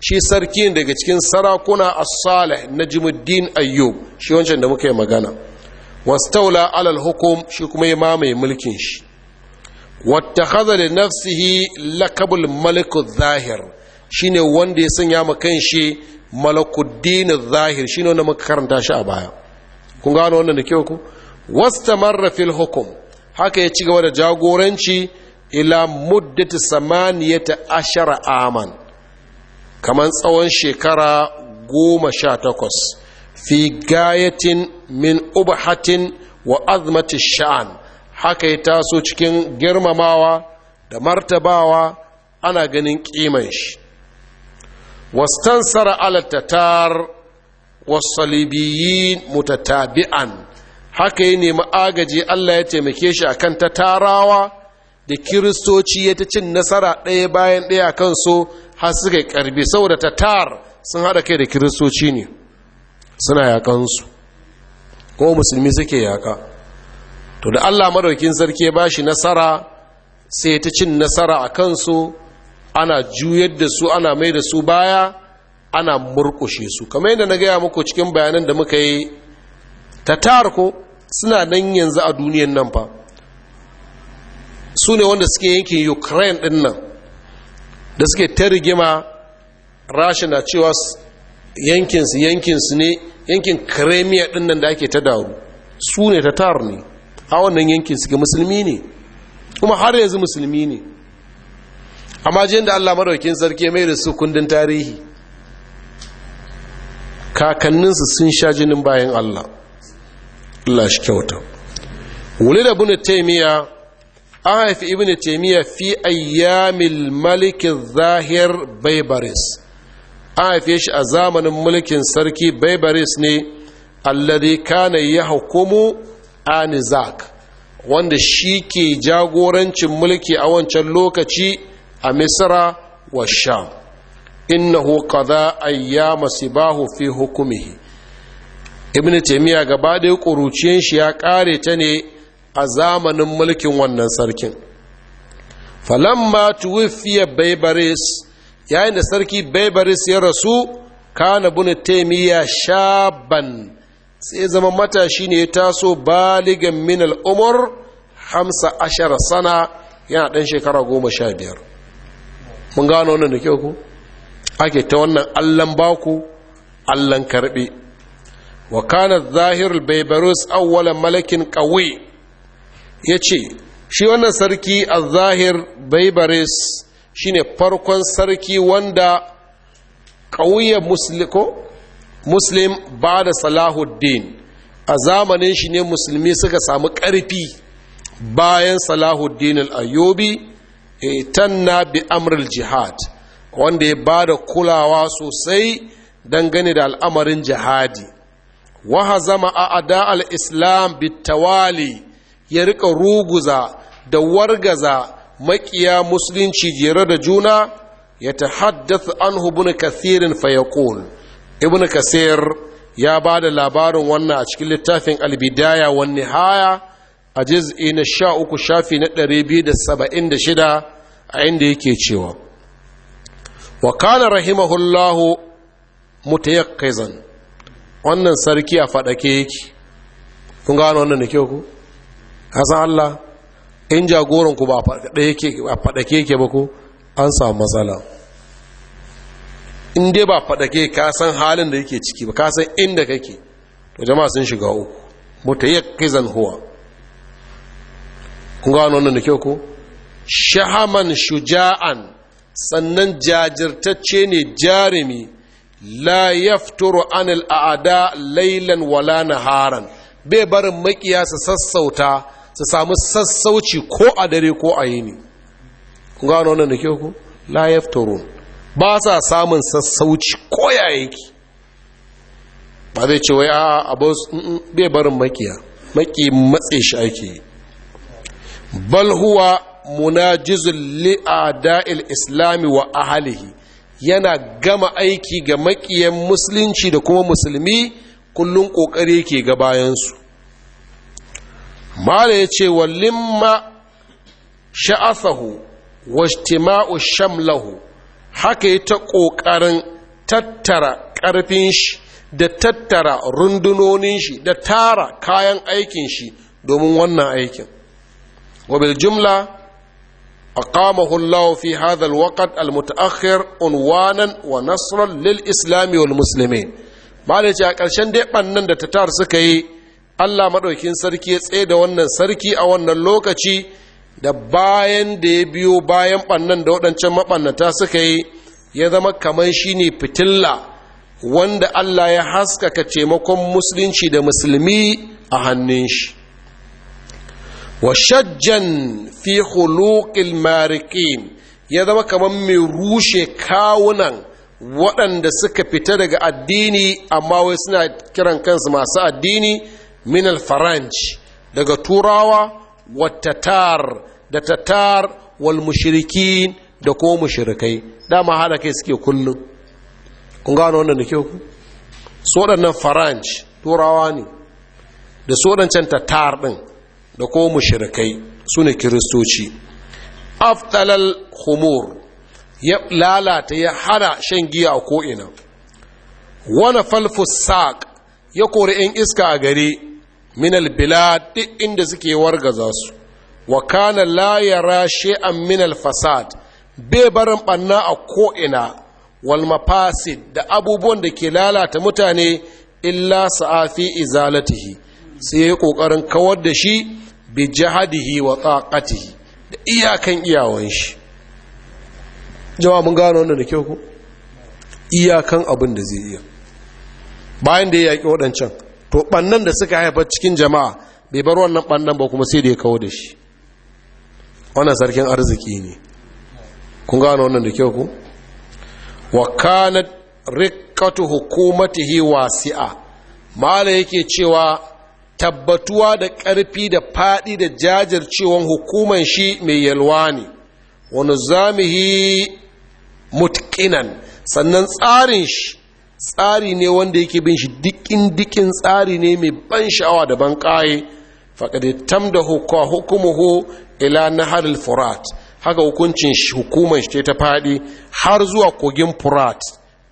shi sarki daga cikin sarakuna as-salih najmuddin ayyub shi wancan da muka yi magana wastaula alal hukum shi kuma ya mamaye mulkin shi wattakhadha li nafsihi lakabul malik zahir Shi ne wanda ya sanya ma kanshi malakuddin zahir shine wanda muka karanta shi a baya kun gano wannan da kyau ku wastamarra fil hukum haka ya ci gaba da jagoranci ila muddati samaniyata ashara aman kamar tsawon shekara goma sha takwas fi gayatin min ubahatin wa azmati sha'an haka ya taso cikin girmamawa da martabawa ana ganin kiman shi واستنصر على التتار والصليبيين متتابعا haka ya nemi agaji Allah ya taimake shi akan Tatarawa da kiristoci ya ta cin nasara ɗaya bayan ɗaya kan su har suka karbi saboda tatar sun haɗa kai da kiristoci ne suna yakansu ko musulmi suke yaka to da Allah madaukin sarki ya ba shi nasara sai ta cin nasara a kansu ana juyar da su ana mai da su baya ana murkushe su kamar yadda na gaya muku cikin bayanan da muka yi ta ko suna nan yanzu a duniyan nan fa su ne wanda suke yankin ukraine din nan da suke ta rigima rasha na cewa yankinsu yankinsu ne yankin kremiya din nan da ake ta daru su ne tatar ne a wannan yankin suke musulmi ne kuma har yanzu musulmi ne amma jin da allah maraukin sarki mai da su kundin tarihi kakanninsu sun sha jinin bayan allah allah shi kyauta wuli da bunu taimiyya, an haifi ibn taimiyya fi ayyamin malikin zahir baibaris an haife shi a zamanin mulkin sarki baibaris ne alladhi kana ya hukumu anizak wanda shi ke jagorancin mulki a wancan lokaci a misra wa sham innahu qada ayyama sibahu fi hukumihi ibn taymiya gaba da ƙuruciyan shi ya ƙare ta ne a zamanin mulkin wannan sarkin falamma tuwfiya baybaris yayin da sarki baybaris ya rasu kana ibn taimiyya shaban sai zama matashi ne ya taso baligan min al hamsa ashara sana yana ɗan shekara goma sha biyar mun gano wannan da kyau ku ake ta wannan allan baku allan karbe wa kana zahir baibarus awwala malakin qawi yace shi wannan sarki az-zahir baibaris shine farkon sarki wanda qawiya musliko muslim ba da salahuddin a zamanin shi ne musulmi suka samu ƙarfi bayan salahuddin al-ayyubi tanna bi amril jihad wanda ya ba da kulawa sosai dangane da al'amarin jihadi waha zama a ada al'islam tawali ya rika ruguza da wargaza makiya musulunci jere da juna ya ta haddasa an hubun kasirin fayakun ibn kasir ya ba da labarin wannan a cikin littafin albidaya wani haya a jiz'i na sha uku shafi na ɗari biyu da saba'in da shida a inda yake cewa wa kana rahimahullahu mutayakkaizan wannan sarki a faɗake yake kun gano wannan da kyau ku hasan Allah in jagoran ku ba a faɗake yake ba ku an samu matsala in dai ba faɗake ka san halin da yake ciki ba ka san inda kake to jama'a sun shiga uku mutayakkizan huwa kun wani wannan da kyau ko shahaman shuja'an sannan jajirtacce ne jarumi la yafturu anil a'ada lailan wala naharan bai barin makiya su sassauta su samu sassauci ko a dare ko a yini kun wani wannan da kyau ko la yafturun ba sa samun sassauci ko ya yake ba zai ce wai a abu bai barin makiya maki matse shi ake yi bal huwa munajizul li'ada'il islami wa ahalihi yana gama aiki ga maƙiyan musulunci da kuma musulmi kullum ƙoƙari ke ga bayansu mala ya ce sha'afahu wa wajtima'u shamlahu haka yi ta ƙoƙarin tattara ƙarfin shi da tattara rundunonin shi da tara kayan aikin shi domin wannan aikin وبالجملة أقامه الله في هذا الوقت المتأخر عنوانا ونصرا للإسلام والمسلمين malai ce a ƙarshen dai bannan da tatar suka yi allah maɗaukin sarki ya tsaye da wannan sarki a wannan lokaci da bayan da ya biyo bayan ɓannan da waɗancan maɓannata suka yi ya zama kamar shi ne fitilla wanda allah ya haskaka taimakon musulunci da musulmi a hannun shi washajjan shajjan fi khuluqil ya zama kamar mai rushe kawunan waɗanda suka fita daga addini amma wai suna kiran kansu masu addini min alfaranj daga turawa wa tatar da tatar wal mushrikin da ko mushrikai dama hada kai suke kullum kun gano wannan da ku su waɗannan faranj turawa ne da su waɗancan tatar ɗin da ko mushrikai su ne kiristoci aftalal humur ya lalata ya hana shan giya a ko'ina wani falfus ya kori 'yan iska a gari minal bila duk inda suke wargaza su wa kana la yara she'an minal fasad bai barin ɓanna a ko'ina wal mafasid da abubuwan da ke lalata mutane illa sa'afi izalatihi sai ya kokarin kawar da shi bi jihadihi wa taqatihi da iyakan iyawan shi jama'a mun gano wannan da kyau ku? iyakan abin da zai iya bayan da ya yaƙi waɗancan to ɓannan da suka haifar cikin jama'a bai bar wannan ɓannan ba kuma sai da ya kawo da shi wannan sarkin arziki ne kun gano wannan da kyau ku? wa kanat rikkatu hukumatihi wasi'a mala yake cewa tabbatuwa da ƙarfi da faɗi da jajircewan hukuman shi mai yalwa ne wani zamihi mutkinan sannan tsarin shi tsari ne wanda yake bin shi dikin dikin tsari ne mai ban sha'awa da ban ƙaye Faɗaɗe, tam da hukumuhu ila naharil furat haka hukuncin hukuman shi ta faɗi har zuwa kogin furat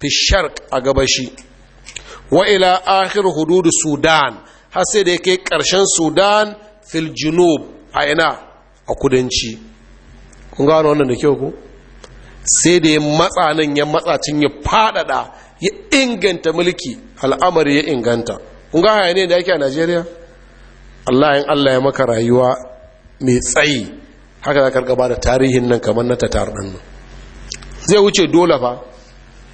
fi shark a gabashi wa ila akhir hududu sudan har sai da ya kai ƙarshen sudan fil a ina a kudanci kun gano wannan da kyau ku sai da ya matsa nan ya matsa cin ya faɗaɗa ya inganta mulki al'amari ya inganta kun ga haya ne da yake a najeriya allah in allah ya maka rayuwa mai tsayi haka za ka gaba da tarihin nan kamar na tatar ɗin nan zai wuce dole fa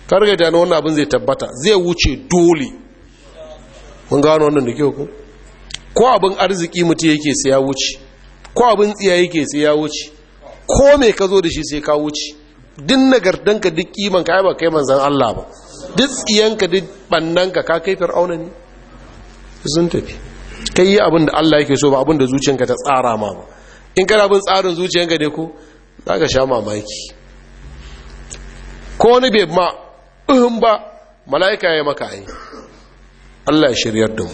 karga da wani abin zai tabbata zai wuce dole mun gano wannan da kyau ko ko abin arziki mutu yake sai ya wuce ko abin tsiya yake sai ya wuce ko mai ka zo da shi sai ka wuce Din nagartanka duk kiman ka ba kai manzan Allah ba duk tsiyanka duk bannanka ka kai fir'auna ne sun tafi kai yi abin da Allah yake so ba abin da zuciyanka ta tsara ma ba in kana bin tsarin zuciyanka ne ko za ka sha mamaki ko wani bai ma uhun ba mala'ika ya maka yi Allah ya shiryar da mu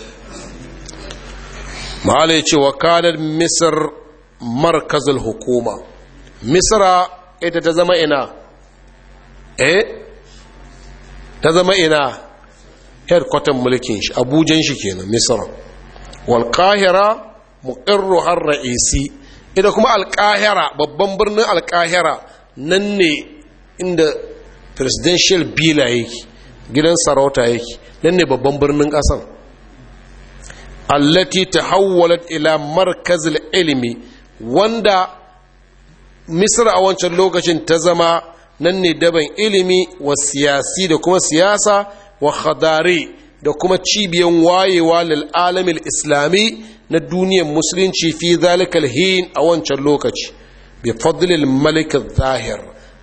mahala ce misir markazul hukuma misra ita ta zama ina eh ta zama ina headquarter mulkin shi abujan shi kenan misra wal qahira muqirru har ra'isi ita kuma al babban birnin al nan ne inda presidential bila yake gidan sarauta yake nan ne babban birnin ƙasan allati tahawwalat ila markazil ilimi. wanda misra a wancan lokacin ta zama nan ne daban ilimi wa siyasi da kuma siyasa wa khadari da kuma cibiyan wayewa lil alamil islami na duniyar musulunci fi zalikal hin a wancan lokaci bi fadlil malik zahir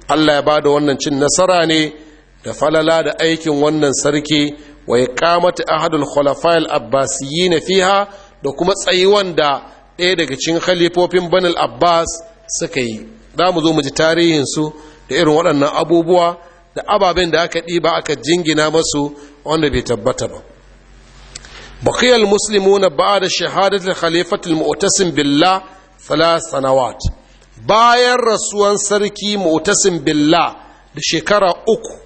Allah ya bada wannan cin nasara ne da falala da aikin wannan sarki wa iqamati ahadul khulafa'il abbasiyyin fiha da kuma tsayuwan da ɗaya daga cikin khalifofin banal abbas suka yi za mu zo mu ji tarihin su da irin waɗannan abubuwa da ababen da aka ɗiba aka jingina masu wanda bai tabbata ba بقي المسلمون بعد شهادة الخليفة المؤتسم بالله ثلاث سنوات bayan rasuwan sarki mu'tasim billah da shekara uku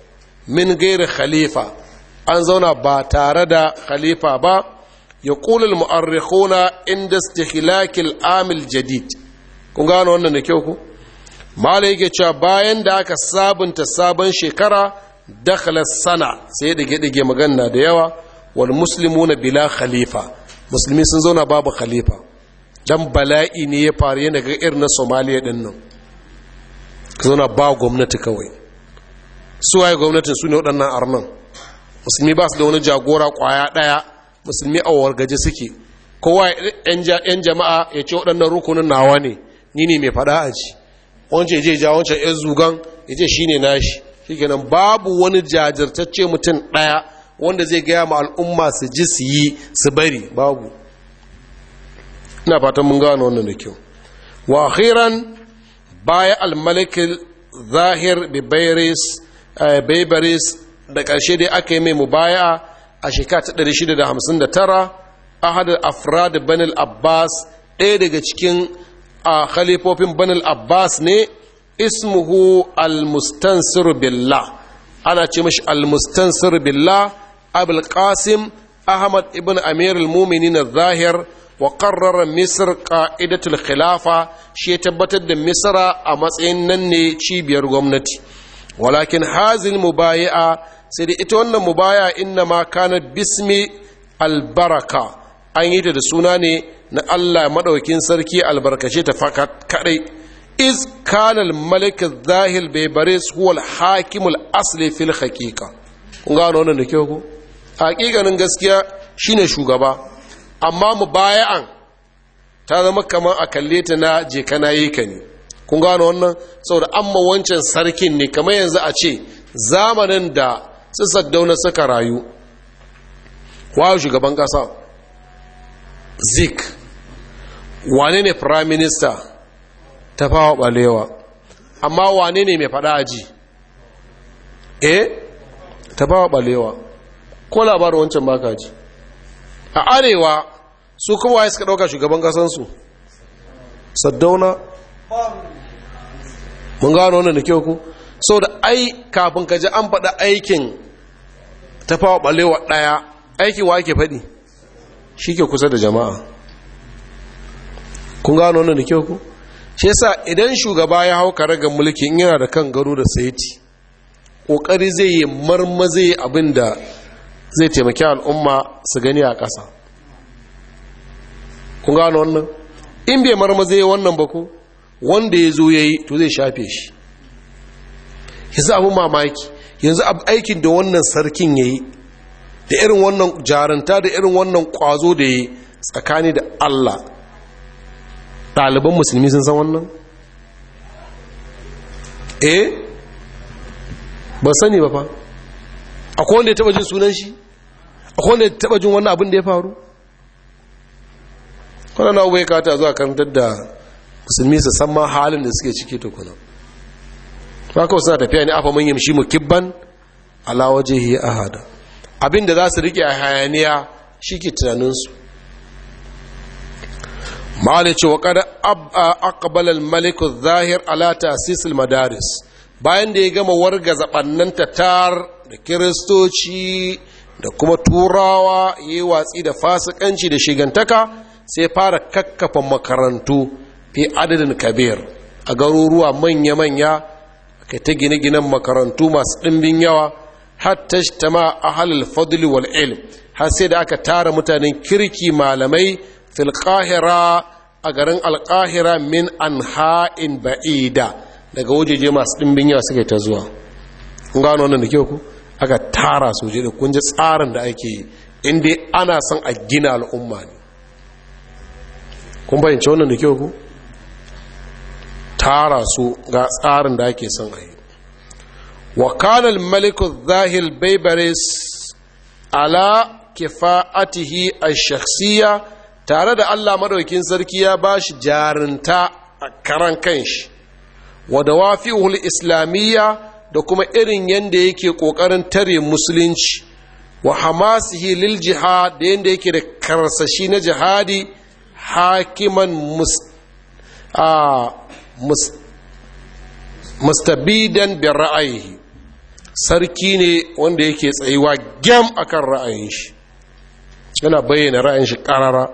min gairi khalifa an zauna ba tare da khalifa ba ya ƙulul mu'arrikhuna inda istihlakil amil jadid kun gano wannan da kyau ku mala yake cewa bayan da aka sabunta sabon shekara dakhala sana sai dige-dige magana da yawa wal muslimuna bila khalifa musulmi sun zauna babu khalifa dan bala'i ne ya faru yana ga irin na somaliya din nan zauna ba gwamnati kawai su waye gwamnatin su ne waɗannan arnan musulmi ba su da wani jagora ƙwaya ɗaya musulmi a wargaje suke kowa yan jama'a ya ce waɗannan rukunin nawa ne ni ne mai faɗa a ci wancan je ja wancan yan zugan ya ce shi ne nashi shikenan babu wani jajirtacce mutum ɗaya wanda zai gaya ma al'umma su ji su yi su bari babu ina fatan mun gano wannan da kyau wa akhiran baya al-malik zahir bi bayris Eh, baybaris da ƙarshe dai aka yi mai mubaya a shekara ta 659 ahad afrad banil abbas ɗaya daga cikin a khalifofin banil abbas ne ismuhu al-mustansir billah ana ce mashi al-mustansir billah ahmad ibn amir al-muminin zahir wa qarrara khilafa shi ya tabbatar da Misira a matsayin nan ne cibiyar gwamnati walakin hazil a, sai da ita wannan mubaya inna ma kana bismi albaraka an yi ta da suna ne na Allah maɗaukin sarki albarkace ta fakat kaɗai. Iska'nal kana zahir malik bai bare huwa hakim al-asli fil haqiqa kun gano wannan da ke ko haƙiƙanin gaskiya shine shugaba amma mubaya'an ta zama kamar a kalleta na je kana yi ka kun gano wannan saboda amma wancan sarkin ne kamar yanzu a ce zamanin da su saddauna suka rayu wayo shugaban kasa zik wane ne prime minister ta fawa balewa amma wane ne mai fada aji eh ta fawa balewa ko labarin wancan baka ji a arewa su kuma waye suka dauka shugaban kasansu saddauna mun gano wannan da kyau ku so da ai kafin ka ji an faɗa aikin tafawa ɓalewa ɗaya aikin wa ake faɗi shi ke kusa da jama'a kun gano wannan da kyau ku shi yasa idan shugaba ya hau karagar mulki yana da kan garo da saiti ƙoƙari zai yi marmaze abin da zai taimaki al'umma su gani a ƙasa kun gano wannan in bai marmaze wannan ba ku wanda ya zo ya yi to zai shafe shi yanzu abin mamaki yanzu aikin da wannan sarkin ya yi da irin wannan jaranta da irin wannan kwazo da ya yi tsakani da allah ɗaliban musulmi sun san wannan eh ba sani ba fa akwai wanda ya taba jin sunan shi akwai wanda ya taba jin wannan abin da ya faru wannan abubuwa ya kata zuwa karantar da musulmi su san ma halin da suke ciki tukuna ba kawai suna tafiya ne afa mun yamshi mu kibban ala wajehi ahada abin da za su rike a hayaniya shi ke tunaninsu ma'ala ce wa kada aqbala al-malik zahir ala ta'sis madaris bayan da ya gama wargaza bannan tatar da kiristoci da kuma turawa yayi watsi da fasikanci da shigantaka sai fara kakkafa makarantu fi adadin kabir a garuruwa manya-manya ka ta gine-ginen makarantu masu ɗimbin yawa hatta ta ma a halal fadli wal ilm har sai da aka tara mutanen kirki malamai fil a garin alƙahira min an ha'in ba'ida daga wajeje masu ɗimbin yawa suka ta zuwa kun gano wannan da kyau ku aka tara su je da kun tsarin da ake yi in dai ana son a gina al'umma ne kun bayyance wannan da kyau ku tara su ga tsarin da ake son a yi wakalar malikul zahil baibaris ala kifa'atihi a shakhsiya tare da allah madaukin sarki ya ba shi jarinta a karan kanshi wada wafi'ul islamiyya da kuma irin yadda yake ƙoƙarin tare musulunci wa hamasihi lil jihad da yadda yake da karsashi na jihadi hakiman mus a mustabidan bi ra'ayi sarki ne wanda yake tsayuwa gyam akan ra'ayin shi yana bayyana ra'ayin shi karara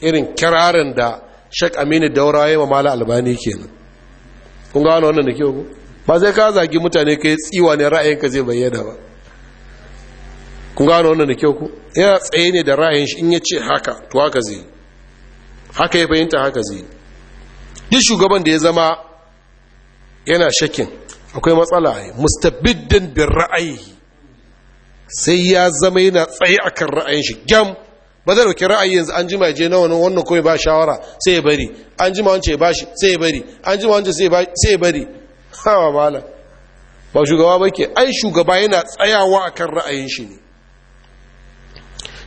irin kirarin da shek aminu daura ya ma mala albani kenan kun gano wannan da ke ku ba zai ka zagi mutane ka yi tsiwa ne ra'ayin ka zai bayyana ba kun gano wannan da ke ku yana tsaye ne da ra'ayin shi in ya ce haka to haka zai haka ya fahimta haka zai duk shugaban da ya zama yana shakin akwai matsala mustabidin bin ra'ayi sai ya zama yana tsaye akan ra'ayin shi gyam ba zai dauki ra'ayi yanzu an jima je na wani wannan kome ba shawara sai ya bari an jima wance ya bashi sai ya bari an jima wance sai ya bari hawa mala ba shugaba ba ke ai shugaba yana tsayawa akan ra'ayin shi ne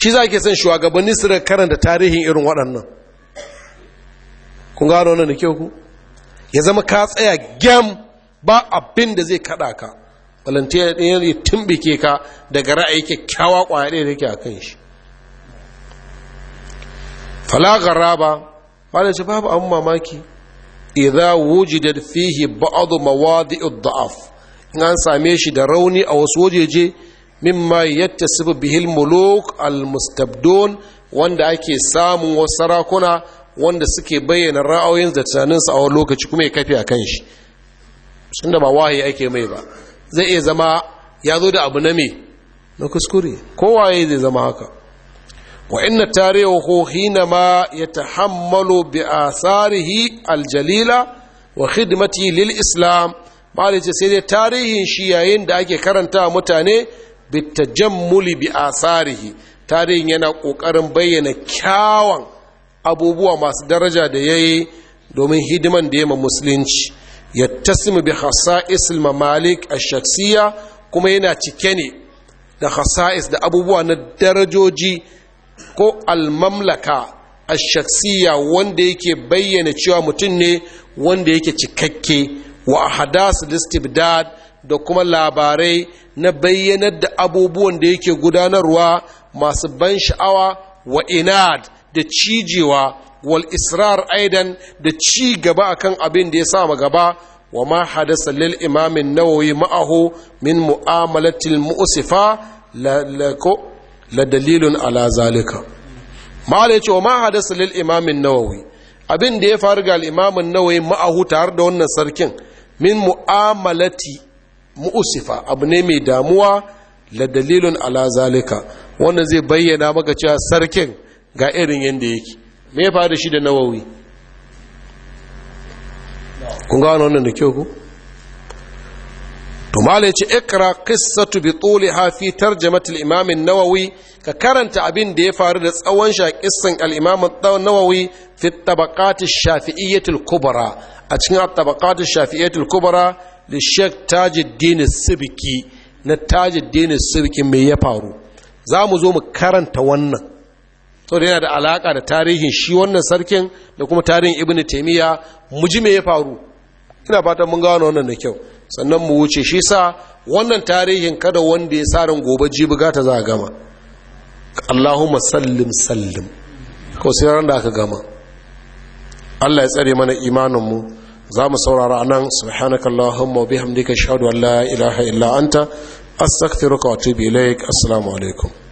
shi za ke san shugabanni su karanta tarihin irin waɗannan kun gano wannan da kyau ku ya zama ka tsaya gem ba abin da zai kada ka ya ɗaya ya tumbike ka daga ra'ayi kyakkyawa ƙwaya ɗaya da ke a kan shi falagara ba ba da babu abin mamaki idza wujidat fihi ba'd mawadi'u da'af in an same shi da rauni a wasu wajeje mimma yattasibu bihil muluk al mustabdun wanda ake samun wasu sarakuna wanda suke bayyana ra'ayoyin da tunaninsu a wani lokaci kuma ya kafi a kan shi sun da ba wahayi ake mai ba zai iya zama ya zo da abu na me na kuskure kowaye zai zama haka wa inna tarihu hina ma yatahammalu bi asarihi aljalila wa khidmati lil islam ba ce sai dai tarihin shi yayin da ake karanta mutane bitajammuli bi asarihi tarihin yana kokarin bayyana kyawan abubuwa masu daraja da ya yi domin hidiman da ya ma musulunci ya tasimu bi hasa'is mamalik a shaksiya kuma yana cike ne da hasa'is da abubuwa na darajoji ko almamlaka a shaksiya wanda yake bayyana cewa mutum ne wanda yake cikakke wa hadas stibdad da kuma labarai na bayyanar da abubuwan da yake gudanarwa masu ban sha'awa wa inad da cijewa wal israr aidan da ci gaba akan abin da ya sa gaba wa ma hadasa lil imamin nawawi ma'ahu min mu'amalatil mu'sifa la dalilun ala zalika ma'ala ce wa ma hadasa lil imamin nawawi abin da ya faru ga al-imamin nawawi ma'ahu tare da wannan sarkin min mu'amalati mu'sifa abu ne mai damuwa la dalilun ala zalika wannan zai bayyana maka cewa sarkin ga irin yadda yake me ya faru shi da nawawi kun gano wannan da kyau ku to malai ce ikra qissatu bi tuliha fi tarjamat al-imam nawawi ka karanta abin da ya faru da tsawon sha kissan al-imam nawawi fi tabaqat ash-shafi'iyyah al-kubra a cikin tabaqat ash-shafi'iyyah al-kubra li Sheikh Tajuddin Sibki na Tajuddin Sibki me ya faru za mu zo mu karanta wannan da yana da alaka da tarihin shi wannan sarkin da kuma tarihin Ibn Taimiyya mu ji me ya faru ina fatan mun gano wannan da kyau sannan mu wuce shi sa wannan tarihin kada wanda ya sa ran gobe jibi gata za a gama Allahumma sallim sallim ko sai ran da aka gama Allah ya tsare mana imanin mu za mu saurara anan subhanakallahumma wa bihamdika ashhadu an la ilaha illa anta astaghfiruka wa atubu ilaik assalamu alaikum